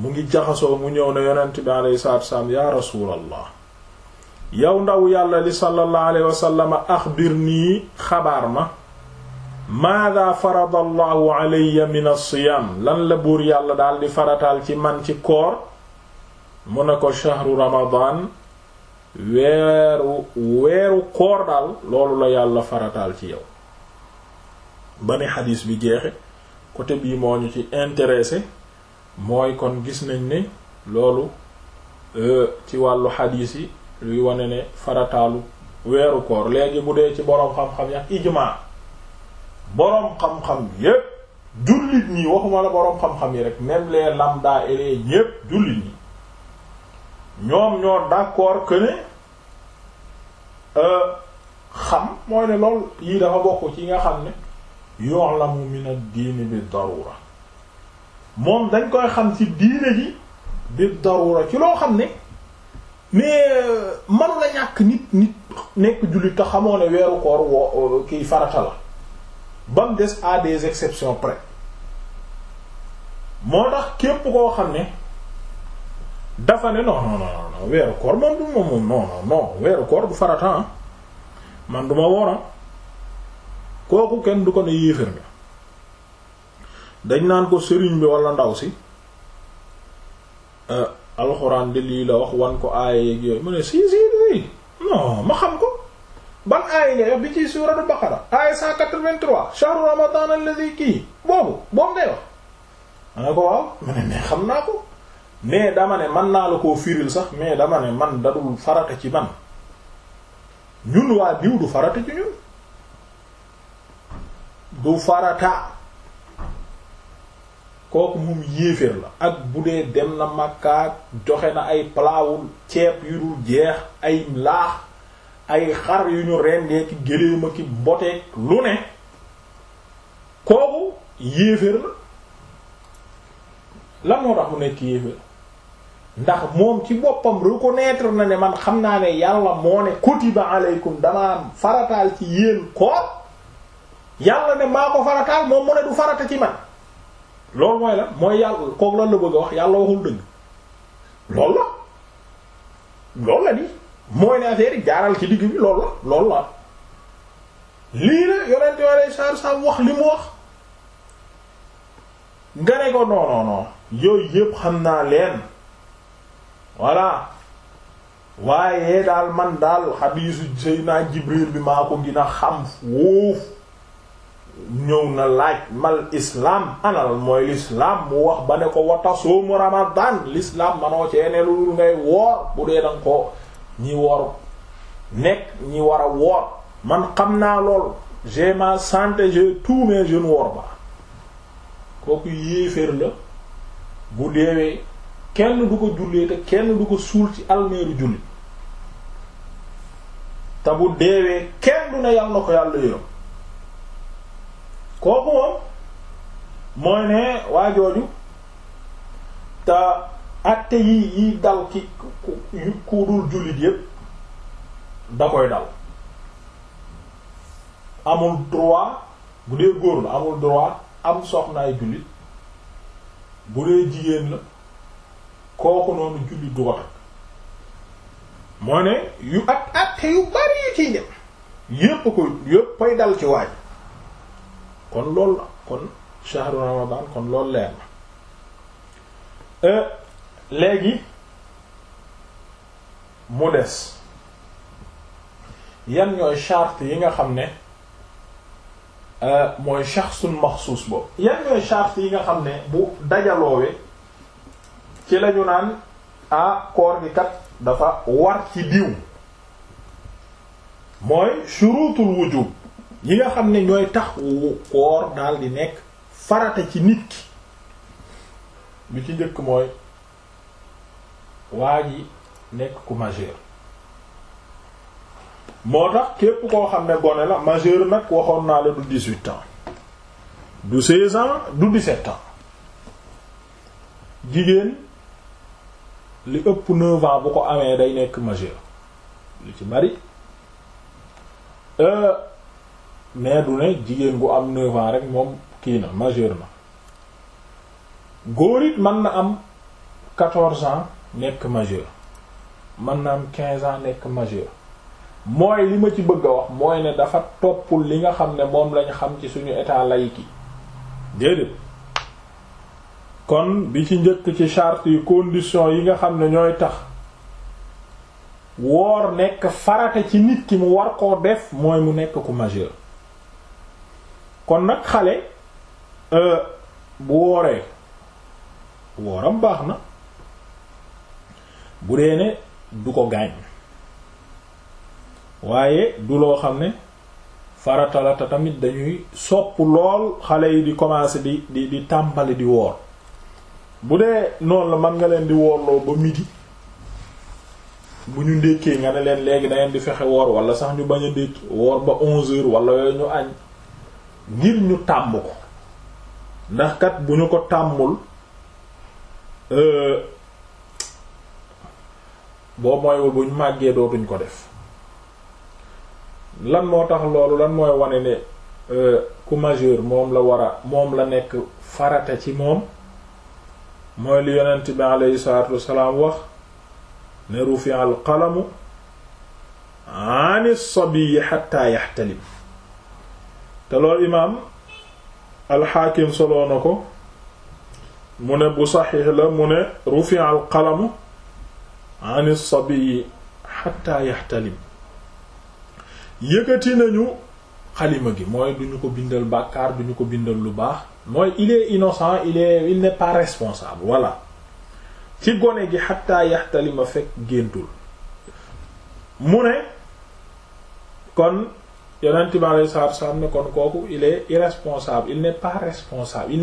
mu ngi jaxasoo mu ñëw ne yonent bi alayhi salaatu wasalaam yaa rasuulallah yow ndaw yàlla li sallallahu alayhi wasallam axbirnii xabaar ma maada farada allahu alayya min as-siyaam lan la buur yàlla daal di farataal ci man ci koor mu ne ko shahru ramadan weeru weeru koor daal loolu la yàlla farataal ci yow ba ni xadiis bi jeexe côté bii moo ñu ci intéressé mooy kon gis nañ ni loolu euh, ci wàllu xadiis yi luy wane ne farataalu weeru koor léegi bu dee ci boroom xam-xam yi ijmaa boroom xam-xam yépp jullit ñi waxuma la boroom xam-xam yi rek même les lambda et les ñépp jullit ñi ñoom ñoo d'accord que ne euh, xam mooy ne lool yii dafa bokk ci nga xam ne yu'lamu min ad-din bi darura moom dañ koy xam ci diine ji bi darura ci loo xam ne mais euh, man la ñàkk nit nit nekk jullit te xamoo ne weeru koor woo euh, kiy farata la ba des à des exceptions près moo tax képp koo xam ne dafa ne non non non weeru weeru koor du farata ah. man du ma ah. kooku kenn du ko ne yéefar nga dañ naan ko sëriñ bi wala ndaw si euh, alxuraan de lii la wax wan ko aaya yeeg yooyu mu ne si si si non ma xam ko ban aaya ngay wax bi ci suuratul baqara aaya 183 shahru ramadan alladhi kii boobu boobu ngay wax ma ko waaw mu ne mais xam naa ko mais dama ne man naa la koo firil sax mais dama ne man dadul farata ci man ñun waa diw du farata ci ñun du farata kooku moom yéeféer la ak bu dee dem na Makka joxe na ay palaawul ceeb yu dul jeex ay laax ay xar yu ñu rendee ki géléema ki mboteeg lu ne kooku yéeféer la lan moo tax mu nekk yéeféer ndax moom ci boppam reconnaître na ne man xam naa ne yàlla moo ne kutiba aleykum damaa farataal ci yéen koor yàlla ne maa ko farataal moom mu ne du farata ci man loolu mooy la mooy yàlla kooku lan la bëgg a wax yàlla waxul dëgg loolu la loolu la ni mooy ne affaire jaaral ci digg bi loolu la loolu la lii la yonent yore saar saam wax li mu wax nga ko non yooyu yëpp xam naa leen voilà waaye daal man daal xadiisu Seydina Jibril bi maa ko gën a xam foofu ñëw na laaj mal islam anal mooy l'islam mu wax ba ne ko wata soomu ramadan l'islam manoo cee ne lu ngay woor bu dee danga ko ñi woor nekk ñi wara a woor man xam naa lool j'ai ma santé j'ai tous mes jeunes woor ba kooku yéeféer la bu deewee kenn du ko jullee te kenn du ko suul ci almeeru julli te bu deewee kenn du ne yàlla ko yàlla yërëm kooku moom mooy ne waa te àtte yi yi dal ki ku dul jullit yépp da koy dal amul droit bu dee góor la amul droit am soxnaay jullit bu dee jigéen la kooku noonu jullit du ko takk mooy ne yu ak àtte yu bari yu ciy ñëpp yépp ko yépp dal ci waaj kon loolu la kon shahru ramadan kon loolu leer na euh, léegi mu des yan ñooy charte yi nga xam ne euh, mooy shaxsun maxsuus boobu yan ñooy charte yi nga xam ne bu dajaloowe ci lañu naan a koor gi kat dafa war ci diw mooy shurutul wujub ñi nga xam ne ñooy tax wu koor daal di nekk farata ci nit ki bi ci njëkk mooy waa ji nekk ku majeur moo tax képp koo xam ne gone la majeur nag waxoon naa la du dix-huit ans du seize ans du dix ans jigéen li ëpp neuf ans bu ko amee day nekk majeur lu ci bari euh, mais du ne jigéen gu am 9 ans rek moom kii na majeur na góor it mën na am 14 ans nekk majeur mën na am 15 ans nekk majeur mooy li ma ci bëgg a wax mooy ne dafa toppul li nga xam ne moom lañ xam ci suñu état laïque yi déedéet kon bi ci njëkk ci charte yi condition yi nga xam ne ñooy tax woor nekk farata ci nit ki mu war koo def mooy mu nekk ku majeur kon nag xale euh, bu wooree wooram baax na bu dee ne du ko gaañ waaye du loo xam ne faratalata tamit dañuy sopp lool xale yi di commencer di di di di woor bu dee noonu la man nga leen di woorloo ba midi bu ñu ndékkee nga ne leen léegi da di fexe woor wala sax ñu bañ a ndékki woor ba onze heures wala yooyu ñu añ ngir ñu tàmm ko ndax kat bu ñu ko tàmmul euh, boo mooy buñ màggee dootuñ ko def lan moo tax loolu lan mooy wane ne ku euh, majeur moom la war moom la nekk farate ci moom mooy li yonent bi aleyhi salaatu wasalaam wax ne rufi al qalamu ani sabiyi xatta yaxtalim te loolu imaam alxaakim soloo na ko mu ne bu saxiix la mu ne rufi'a al qalamu an as-sabiyi xatta yaxtalim yëkkati nañu xalima gi mooy duñu ko bindal bàkkaar duñu ko bindal lu baax mooy il est innocent il il n'est pas responsable voilà ci gone gi xatta yaxtalima fekk géntul mu ne kon yonent bi alayhi salaatu salaam ne kon kooku il est irresponsable il n'est pas responsabilisé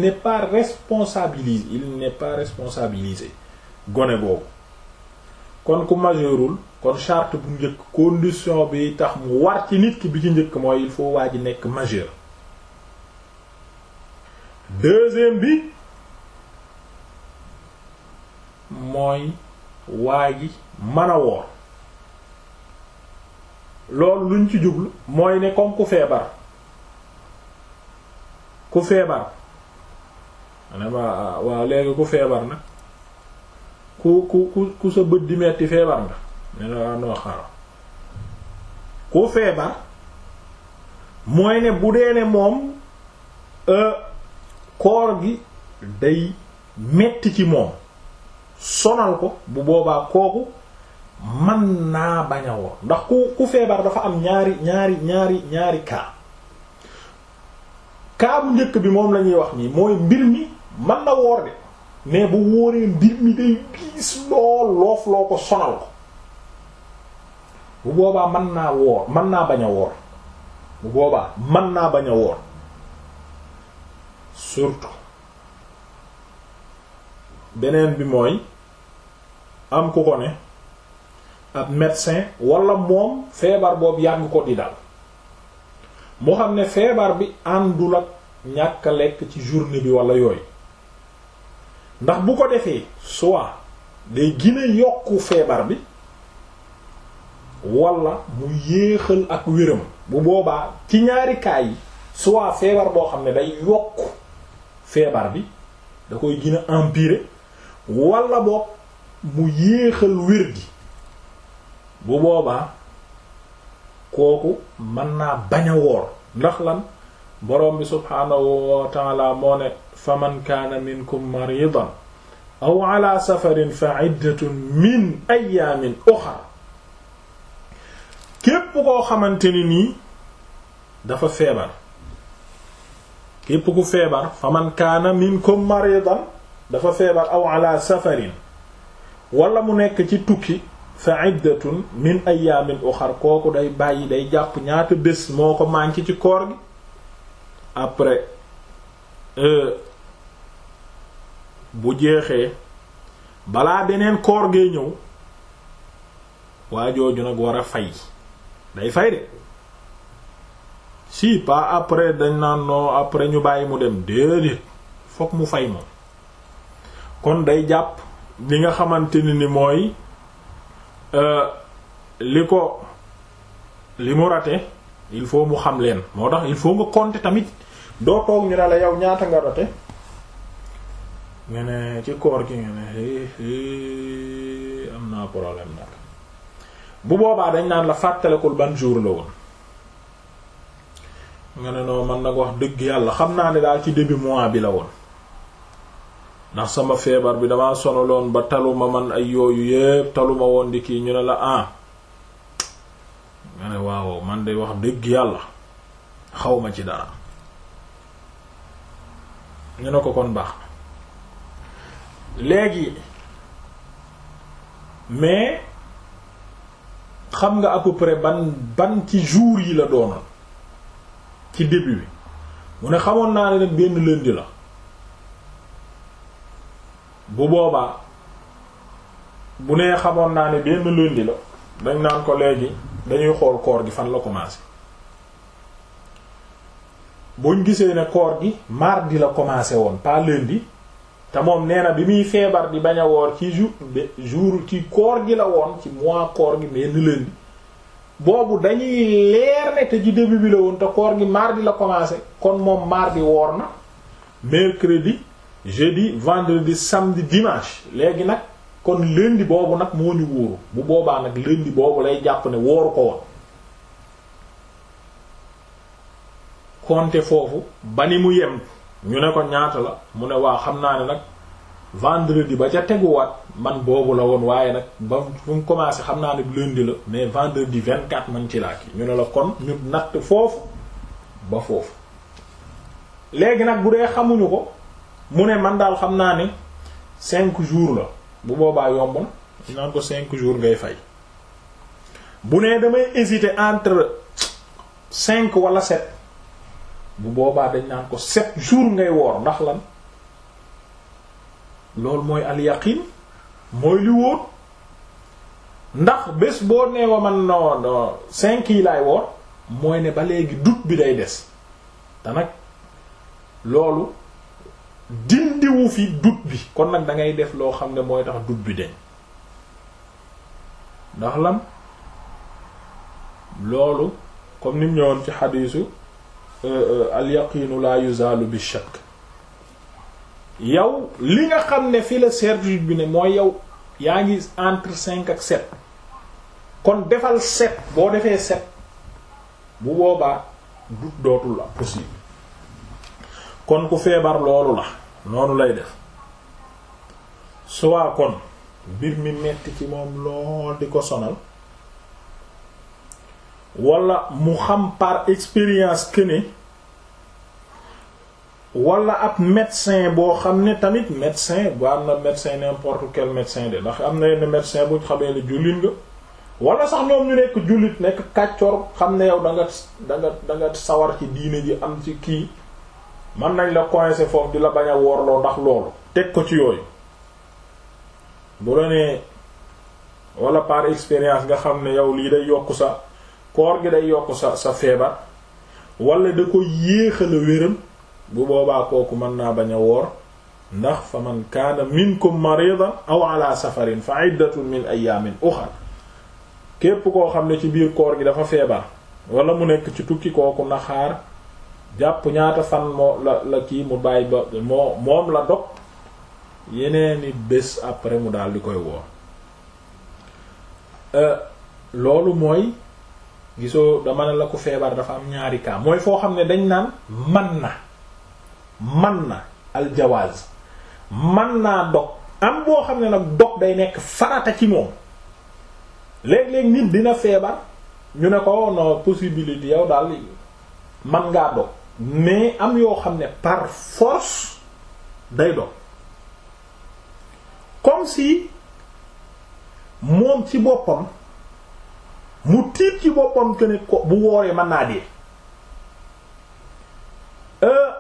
il n'est pas responsabilisé gone boobu kon ku majeurul kon charte bu njëkk condition bi tax mu war ci nit ki bi ci njëkk mooy il faut waa ji nekk majeur deuxième bi mooy waa ji mën a woor loolu luñ ci jublu mooy ne comme ku feebar ku feebar maanaam ah, waaw léegi ku feebar na ku ku ku ku sa bët di metti feebar nga ne la waaw ah, noo xaaral ku feebar mooy ne bu dee ne moom euh, koor gi day metti ci moom sonal ko bu boobaa kooku man naa bañ a woor ndax ku ku feebar dafa am ñaari ñaari ñaari ñaari cas cas bu njëkk bi moom lañuy wax nii mooy mbir mi man na woor de mais bu wóoree mbir mi day diis lool loof loo ko sonal ko bu boobaa mën naa woor mën naa bañ a woor bu boobaa mën naa bañ a woor surtout beneen bi mooy am ku ko ne ab médecin wala moom feebar boobu yàgg ko di dal moo xam ne feebar bi àndul ak ñàkk lekk ci journée bi wala yooyu ndax bu ko defee soit day gina yokku feebar bi wala mu yéexal ak wiram bu boobaa ci ñaari kaay yi soit feebar boo xam ne day yokk feebar bi da koy gën a empirer wala boog mu yéexal wér gi bu boobaa kooku mën naa bañ a woor ndax lan borom bi subhaanahu wa taala moo ne fa man kaana minkum maridan aw ala safarin fa ayaamin uxra képp koo xamante ni nii dafa feebar képp ku feebar fa man kaana minkum maridan dafa feebar aw ala safarin wala mu nekk ci tukki fa iddatun min ayaamin uxar kooku day bàyyi day jàpp ñaata bés moo ko manqué ci koor gi après euh, bu jeexee balaa beneen koor gee ñëw waa jooju nag war a fay day fay de si pas après dañ naan non après ñu bàyyi mu dem déedéet fokk mu fay moom kon day jàpp li nga xamante ne ni mooy Euh, li ko li mu raté il faut mu xam leen moo tax il faut nga compter tamit doo toog ñu ne la yow ñaata nga raté nga ne ci koor gi nga ne am naa problème nag bu boobaa dañ naan la fàttalekul ban jour la woon nga ne noo man nag wax dëgg yàlla xam naa ne daal ci début mois bi la woon ndax sama feebar bi damaa sonaloon ba taluma man ay yooyu yépp taluma woon di kii ñu ne la ah ne waaw man de wax dégg yàlla xaw ma ci dara ñu ne ko kon baax léegi mais xam nga à peu ban ban ci jour yi la doonoon ci début bi mu ne xamoon naa ne nag benn lundi la bu boobaa bu nee xamoon naa ne benn lundi la dañ naan ko léegi dañuy xool koor gi fan la commencé buñ gisee ne koor gi mardi la commencé woon pas lundi te moom nee na bi muy feebar di bañ a woor ci jour ci koor gi la woon ci mois koor gi benn lundi boobu dañuy leer ne te ci début bi la woon te koor gi mardi la commencé kon moom mardi woor na mercredi jeudi vendredi samedi dimanche léegi nag kon lundi boobu nag moo ñu wóoru bu boobaa nag lundi boobu lay jàpp ne wóoru ko woon konte foofu ba ni mu yem ñu ne ko ñaata la mu ne waa xam naa ne nag vendredi ba ca teguwaat man boobu la woon waaye nag ba fu mu commencé xam naa ne lundi la mais vendredi 24 man ci laa ñu ne la kon ñu natt foofu ba foofu léegi nag bu dee xamuñu ko mu ne man daal xam naa ne cinq jours la bu boobaa yomb na ñu jours ngay fay bu ne damay hésiter entre cinq wala sept bu boobaa dañ naan ko sept jour ngay woor ndax lan loolu mooy al yaqin mooy li wóor ndax bés boo neewa man no no cinq yi lay woor mooy ne ba léegi doute bi day des te nag loolu dindiwu fi dut bi kon nag da ngay def loo xam ne mooy tax dut bi deñ ndax lan loolu comme nim ñëwoon ci xadiisu euh, euh, al yaqinu la yuzalu bi shakk yow li nga xam ne fi la certitude bi ne mooy yow yaa ngi entre cinq ak sept kon defal sept boo defee sept bu boobaa dut dootul possible kon ku feebar loolu la noonu lay def soit kon mbir mi metti ci moom lool di ko sonal walla mu xam par expérience que ne wala médecin boo xam ne tamit médecin bu am na médecin n'importe quel médecin de ndax am na yenn médecin bu xamee ne jullit nga wala sax ñoom ñu nekk jullit nekk kàccoor xam ne yow da nga da sawar ci diine ji am ci kii man nañ la coincer foofu di la bañ a woorloo ndax loolu teg ko ci yooyu bu la nee wala par expérience nga xam ne yow lii day yokk sa koor gi day yokk sa sa feebar wala da ko yéexal a wéram bu boobaa kooku mën naa bañ a woor ndax fa man kaana minkum maridan aw ala safarin fa iddatun min ayamin uxar képp koo xam ne ci biir koor gi dafa feebar wala mu nekk ci tukki kooku na xaar jàpp ñaata fan moo la la kii mu bàyyi ba moo moom la dog yeneeni bés après mu daal di koy woor euh, loolu mooy gisoo dama ne la ko feebar dafa am ñaari cas mooy foo xam ne dañ naan man na man na aljawaaz man naa dog am boo xam ne nag dog day nekk farata ci moom léeg-léeg nit dina feebar ñu ne ko oh non possibilité yow daal man ngaa dog mais am yoo xam ne par force day dox comme si moom ci boppam mu tiit ci boppam que ne ko bu wooree mën naa dee euh,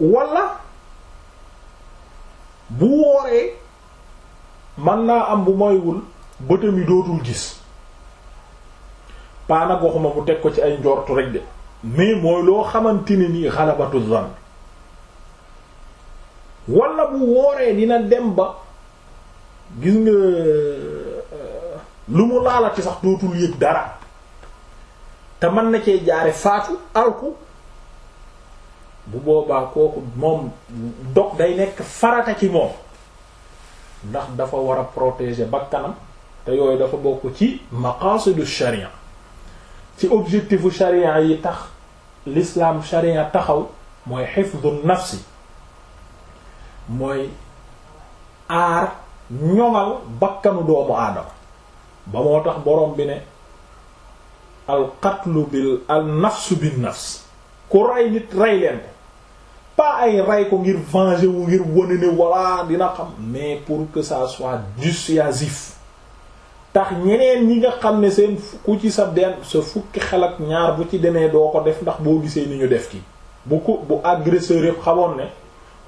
walla bu wooree mën naa am bu moywul bëtam yi dootul gis paanag waxuma mu teg ko ci ay njortu rek de mais mooy loo xamante ne nii xalabatu zan wala bu wooree dina dem ba gis nga lu mu laalati sax dootul yëg dara te mën na cee jaare faatu alku bu boobaa kooku moom dog day nekk farata ci moom ndax dafa war a protéger bakkanam te yooyu dafa bokk ci maqasidu sharia ci objectifu sharia yi tax l'islam sharia taxaw mooy xifdu nafsi mooy aar ñoŋal bakkanu doomu aadama ba moo tax borom bi ne al qatlu bil al nafsu bin nafs ku rey nit rey leen ko pas ay rey ko ngir venger wu ngir wone ne dina xam mais pour que sa soit dissuasif tax ñeneen ñi nga xam ne seen ku ci sa den sa fukki xel ak ñaar bu ci demee doo ko def ndax boo gisee ni ñu def ki bu ko bu agresseur yëpp xamoon ne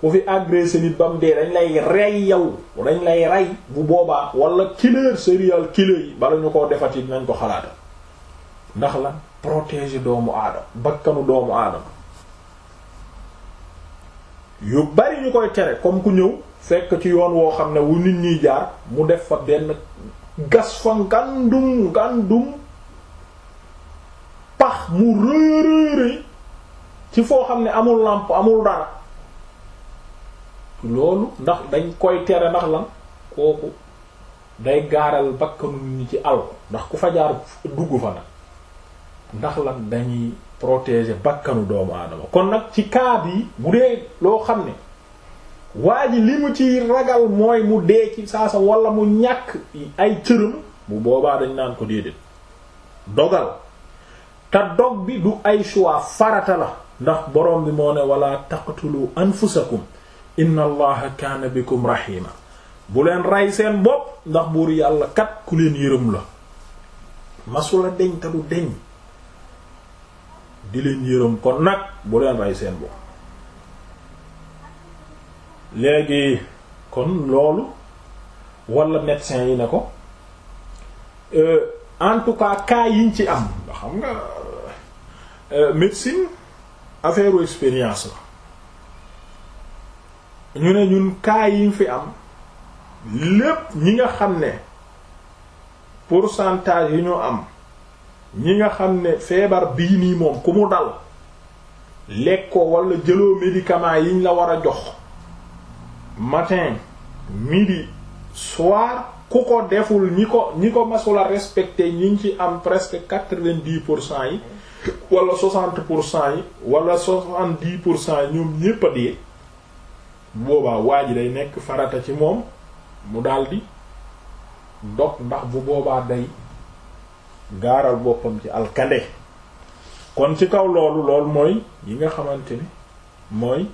ku fi agressé nit ba mu dee dañ lay rey yow dañ lay rey bu boobaa walla killer serial killer yi bala ñu koo defati nañ ko xalaata ndax la protéger doomu aadama bakkanu doomu aadama yu bari ñu koy tere comme ku ñëw fekk ci yoon woo xam ne wu nit ñiy jaar mu def fa benn gas fa ngandum ngandum pax mu rëy rëy rëy ci foo xam ne amul làmp amul dara loolu ndax dañ koy tere ndax lan kooku day gaaral bakkanu ñi ci àll ndax ku fa jaar dugg fa nag ndax lan dañuy protéger bakkanu doomu aadama kon nag ci cas bi bu dee loo xam ne waa ji li mu ci ragal mooy mu dee ci saasa wala mu ñàkk ay cëram bu boobaa dañ naan ko déedéet dogal te dog bi du ay choix farata la ndax borom bi moo ne wala taqtulu anfusakum inna allaha kaana bikum rahima bu leen rey seen bopp ndax buur yàlla kat ku leen yërëm la masula deñ te du deñ di leen yërëm kon nag bu leen rey seen bopp léegi kon loolu wala médecin yi ne ko euh, en tout cas cas yiñ ci am nga xam nga euh, médecine affaire u expérience la ñu ne ñun cas yiñ fi am lépp ñi nga xam ne pourcentage yi ñu am ñi nga xam ne feebar bii nii moom ku mu dal lekkoo wala jëloo médicament yiñ la war a jox matin midi soir ku ko deful ñi ko ñi ko masula respecté ñi ngi ci am presque quatre-vingt-dix pour cent yi wala soixante pour cent yi wala soixante-dix pour cent yi ñoom ñépp a dee boobaa waa ji day nekk farata ci moom mu daldi ndox ndax bu boobaa day gaaral boppam ci alkande kon ci kaw loolu lool mooy yi nga xamante ni mooy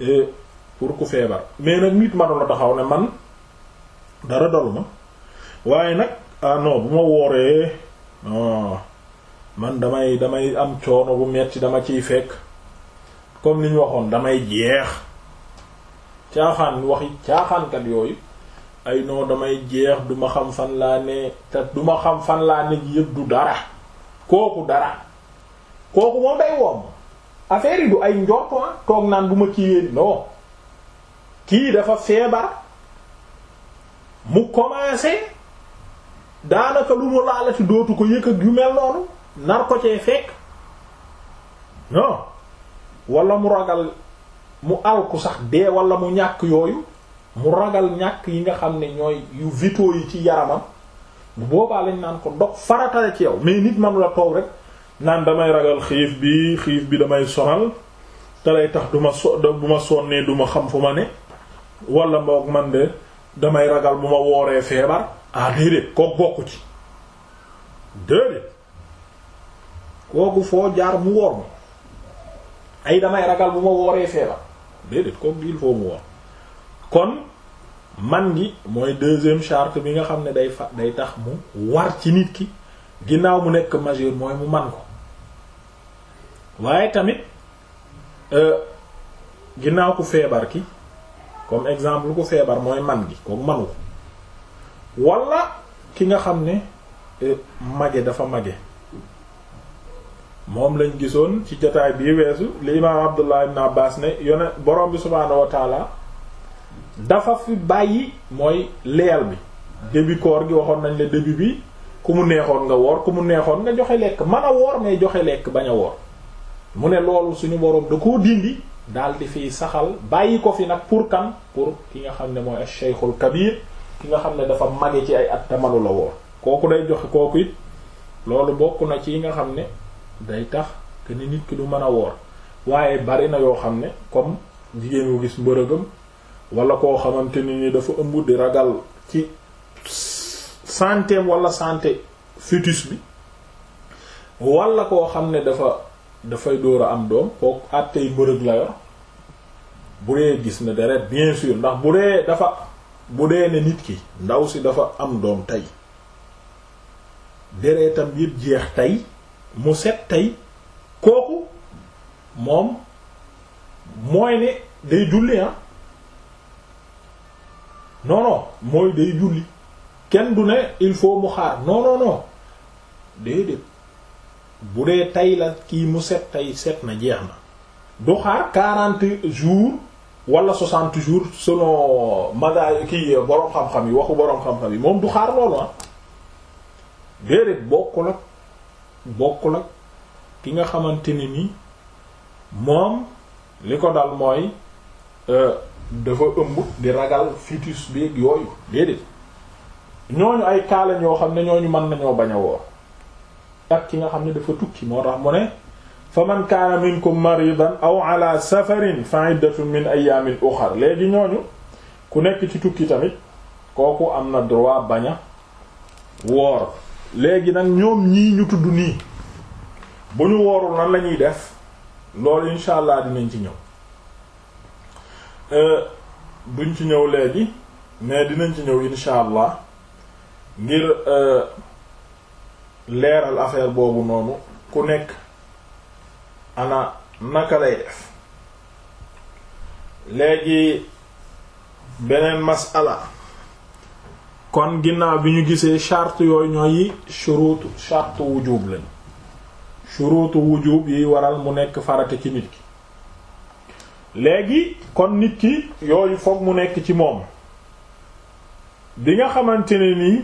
eh, pour ku feebar mais nag nit manula taxaw ne man dara dalu ma waaye nag ah non bu ma wooree man damay damay am coono bu metti dama ciy fekk comme li waxoon damay jeex caaxaan waxi caaxaankat yooyu ay no damay jeex duma xam fan laa ne te duma xam fan laa ne yëpp du dara kooku dara kooku moom day woom affaire du ay njortoon ah, toog naan bu ma kiiwee non kii dafa feebar mu commencé daanaka lu mu laalati dootu ko yëg yu mel noonu nar ko cee fekk non wala mu ragal mu alku sax dee wala mu ñàkk yooyu mu ragal ñàkk yi nga xam ne ñooy yu vitaux yi ci yaramam bu boobaa lañ naan ko dog faratale ci yow mais nit man la toog rek naan damay ragal xiif bi xiif bi damay sonal te lay tax du ma so du ma sonnee du xam fu ma ne wala mboog man de damay ragal bu ma wooree feebar ah déedéet kooku bokku ci déedéet kooku foo jaar mu woor ma ay damay ragal bu ma wooree feebar déedéet kooku il faut mu woor kon man gi mooy deuxième charte bi nga xam ne day fa day tax mu war ci nit ki ginnaaw mu nekk majeur mooy mu man ko waaye tamit euh, ginnaaw ku feebar ki comme exemple ku feebar mooy man gi kooku manu ko ki nga xam ne eh, mage dafa mage moom lañ gisoon ci jotaay bii weesu li imaam Abdullah ibn Abbas ne yone bi subhaanahu dafa fi bàyyi mooy leel bi début koor gi waxoon nañ le début bi ku mu neexoon nga woor ku mu neexoon nga joxe lekk mën a woor mais joxe lekk bañ a woor mu ne loolu suñu borom da koo dindi daal di fiy saxal bàyyi ko fi nag pour kan pour ki nga xam ne mooy ash-shaykhul kabir ki nga xam ne dafa mage ci ay at te la woor kooku day joxe kooku it loolu bokk na ci yi nga xam ne day tax que ni nit ki du mën a woor waaye bari na yoo xam ne comme jigéen wu gis mbërëgam wala koo xamante ni ni dafa ëmb di ragal ci santé walla sante fœtus bi wala koo xam ne dafa dafay door a am doom kooku àttey mbërëg la yor bu dee gis na deret bien sûr ndax bu dee dafa bu dee ne nit ki ndaw si dafa am doom tey deretam yëpp jeex tey mu set tey kooku moom mooy ne day julli ah non mooy day julli kenn du ne il faut mu xaar non non bu dee tey la kii mu set tey set na jeex na du xaar quarante jours wala soixante jours selon magaay kii boroom xam-xam yi waxu boroom xam-xam yi moom du xaar loolu ah déedéet bokk ak bokkul ak ki nga xamante ni ni moom li ko dal mooy euh, dafa ëmb di ragal fœtus bi yooyu déedéet ñooñu ay kaalañ yoo xam ne ñooñu mën nañoo bañ a woor ak ki nga xam ne dafa tukki moo tax mu ne fa man kaana minkum maridan aw ala safarin fa iddatun min ayamin uxar léegi ñooñu ku nekk ci tukki tamit kooku am na droit bañ woor léegi nag ñoom ñii ñu tudd nii bu ñu woorul nan lañuy def loolu insha allah dinañ ci ñëw euh, duñ ci ñëw léegi mais dinañ ci ñëw insha allah ngir euh, leeral affaire boobu noonu ku nekk ana naka lay def léegi beneen masala kon ginnaaw bi ñu gisee charte yooyu ñooy shurutu charte wujub lañ shurutu wujub yi waral mu nekk farata ci nit ki léegi kon nit ki yooyu foog mu nekk ci moom bi nga xamante ne nii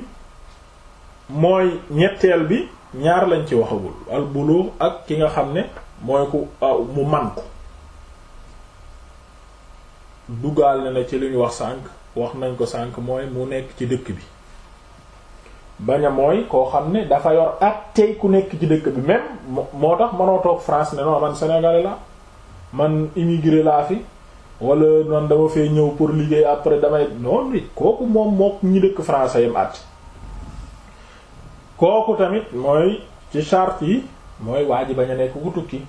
mooy ñetteel bi ñaar lañ ci waxagul al ak ki nga xam ne mooy ku ah, mu man ko dugaal na ne ci li wax sànq wax nañ ko sànq mooy mu nekk ci dëkk bi bañ a mooy koo xam ne dafa yor at tey ku nekk ci dëkk bi même moo tax mënoo toog France ne non man sénégalais la man immigré laa fi wala man dama fee ñëw pour liggéey après damay noonu bi kooku moom mook ñi dëkk français yam at kooku tamit mooy ci charte yi mooy waa ji bañ a nekk ku tukki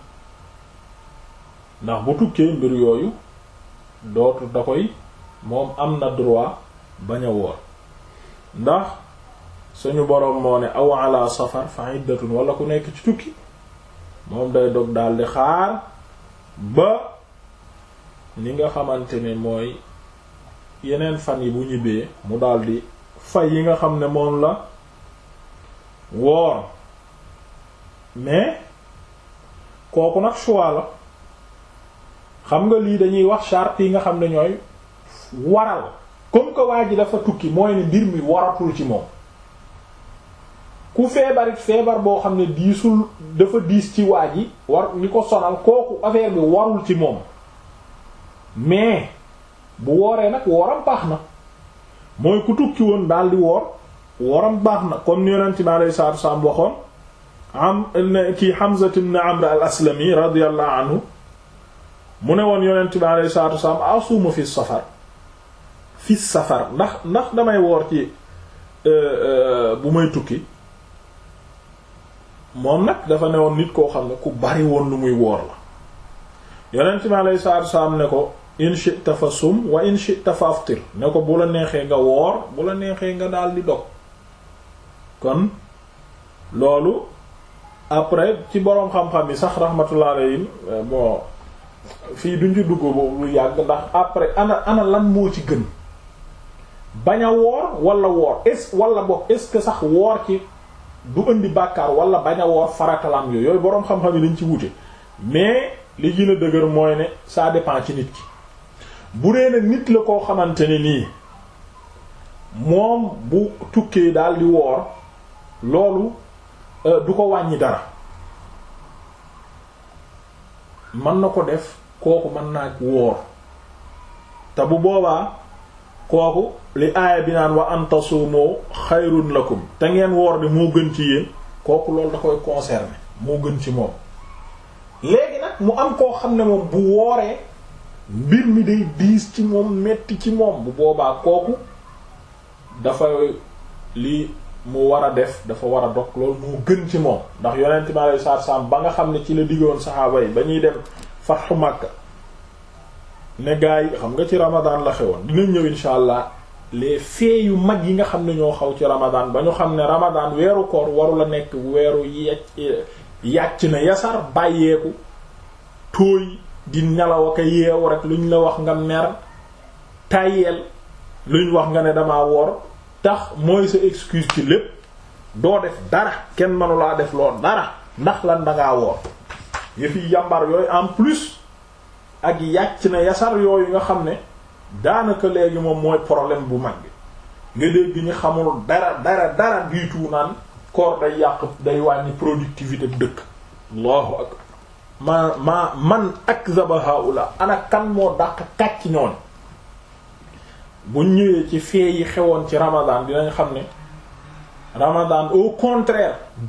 ndax bu tukkee mbir yooyu dootu da koy moom am na droit bañ a woor ndax suñu boroom moo ne aw ala safar fa iddatun wala ku nekk ci tukki moom day dog daldi xaar ba ni nga xamante ne mooy yeneen fan yi bu ñibbee mu daldi fay yi nga xam ne moom la woor mais kooku nag choix la xam nga lii dañuy wax charte yi nga xam ne ñooy waral comme que waa ji dafa tukki mooy ne mbir mi waratul ci moom ku feebar feebar boo xam ne diisul dafa diis ci waa yi war ni ko sonal kooku affaire bi warul ci moom mais bu wooree nag wooram baax na mooy ku tukki woon daal di woor woram baax na kon ni yonent bi alayhi salaatu waxoon am kii Hamza ibn Amr al-Aslami radiyallahu anhu mu ne woon yonent bi alayhi salaatu wasalaam asuumu fi safar fi safar ndax ndax damay woor ci euh, euh, bu may tukki moom nag dafa ne woon nit koo xam ne ku bari woon lu muy woor la yonent bi alayhi salaatu wasalaam ne ko in shi'ta fa sum wa in shi'ta fa aftir ne ko bu la neexee nga woor bu la neexee nga daal di dog kon loolu après ci boroom xam-xam yi sax rahmatullah eh, fii duñ ci dugg boobu lu yàgg ndax après ana ana lan moo ci gën bañ a woor walla woor est wala boog est ce que sax woor ci du indi bàkkaar wala bañ a woor faratalam yooyu boroom xam-xam yi dañ ci wute mais li gën a dëgër mooy ne ça dépend ci nit ki bu dee nit la koo xamante ne nii moom bu tukkee daal di woor loolu euh, du ko wàññi dara mën na ko def kooku mën naa wóor te bu boobaa kooku li aaya bi naan wa an tasuumu xayrun lakum te ngeen woor de moo gën ci yéen kooku loolu da koy concerné moo gën ci moom léegi nag mu am koo xam ne moom bu wooree mbir mi day diis ci moom metti ci moom bu boobaa kooku dafay li mu war a def dafa war a dog loolu moo gën ci moom ndax yonent mi alayhi saat salaam ba nga xam ne ci la diggoon saxaaba yi ba ñuy dem fatxu Makka ne gars yi xam nga ci ramadaan la xewoon dinañ ñëw insha allah les faits yu mag yi nga xam ne ñoo xaw ci ramadaan ba ñu xam ne ramadaan weeru koor waru la nekk weeru yàcc yàcc na yasar bàyyeeku tooy di nelaw ak yeew rek ñu la wax nga mer tayeel luñ wax nga ne damaa woor. ndax mooy sa excuse ci lépp doo def dara kenn manulaa def loo dara ndax lan dangaa woor yëfi yàmbar yooyu en plus ak yàcc na yasar yooyu nga xam ne daanaka léegi moom mooy problème bu mag bi nga dégg ñu xamul dara dara dara diitu naan koor day yàq day wàññi productivité bu dëkk allahu ma ma man akzaba haula ana kan moo dàq kàcc ñoon buñ ñëwee ci fee yi xewoon ci ramadan dinañ xam ne ramadan au contraire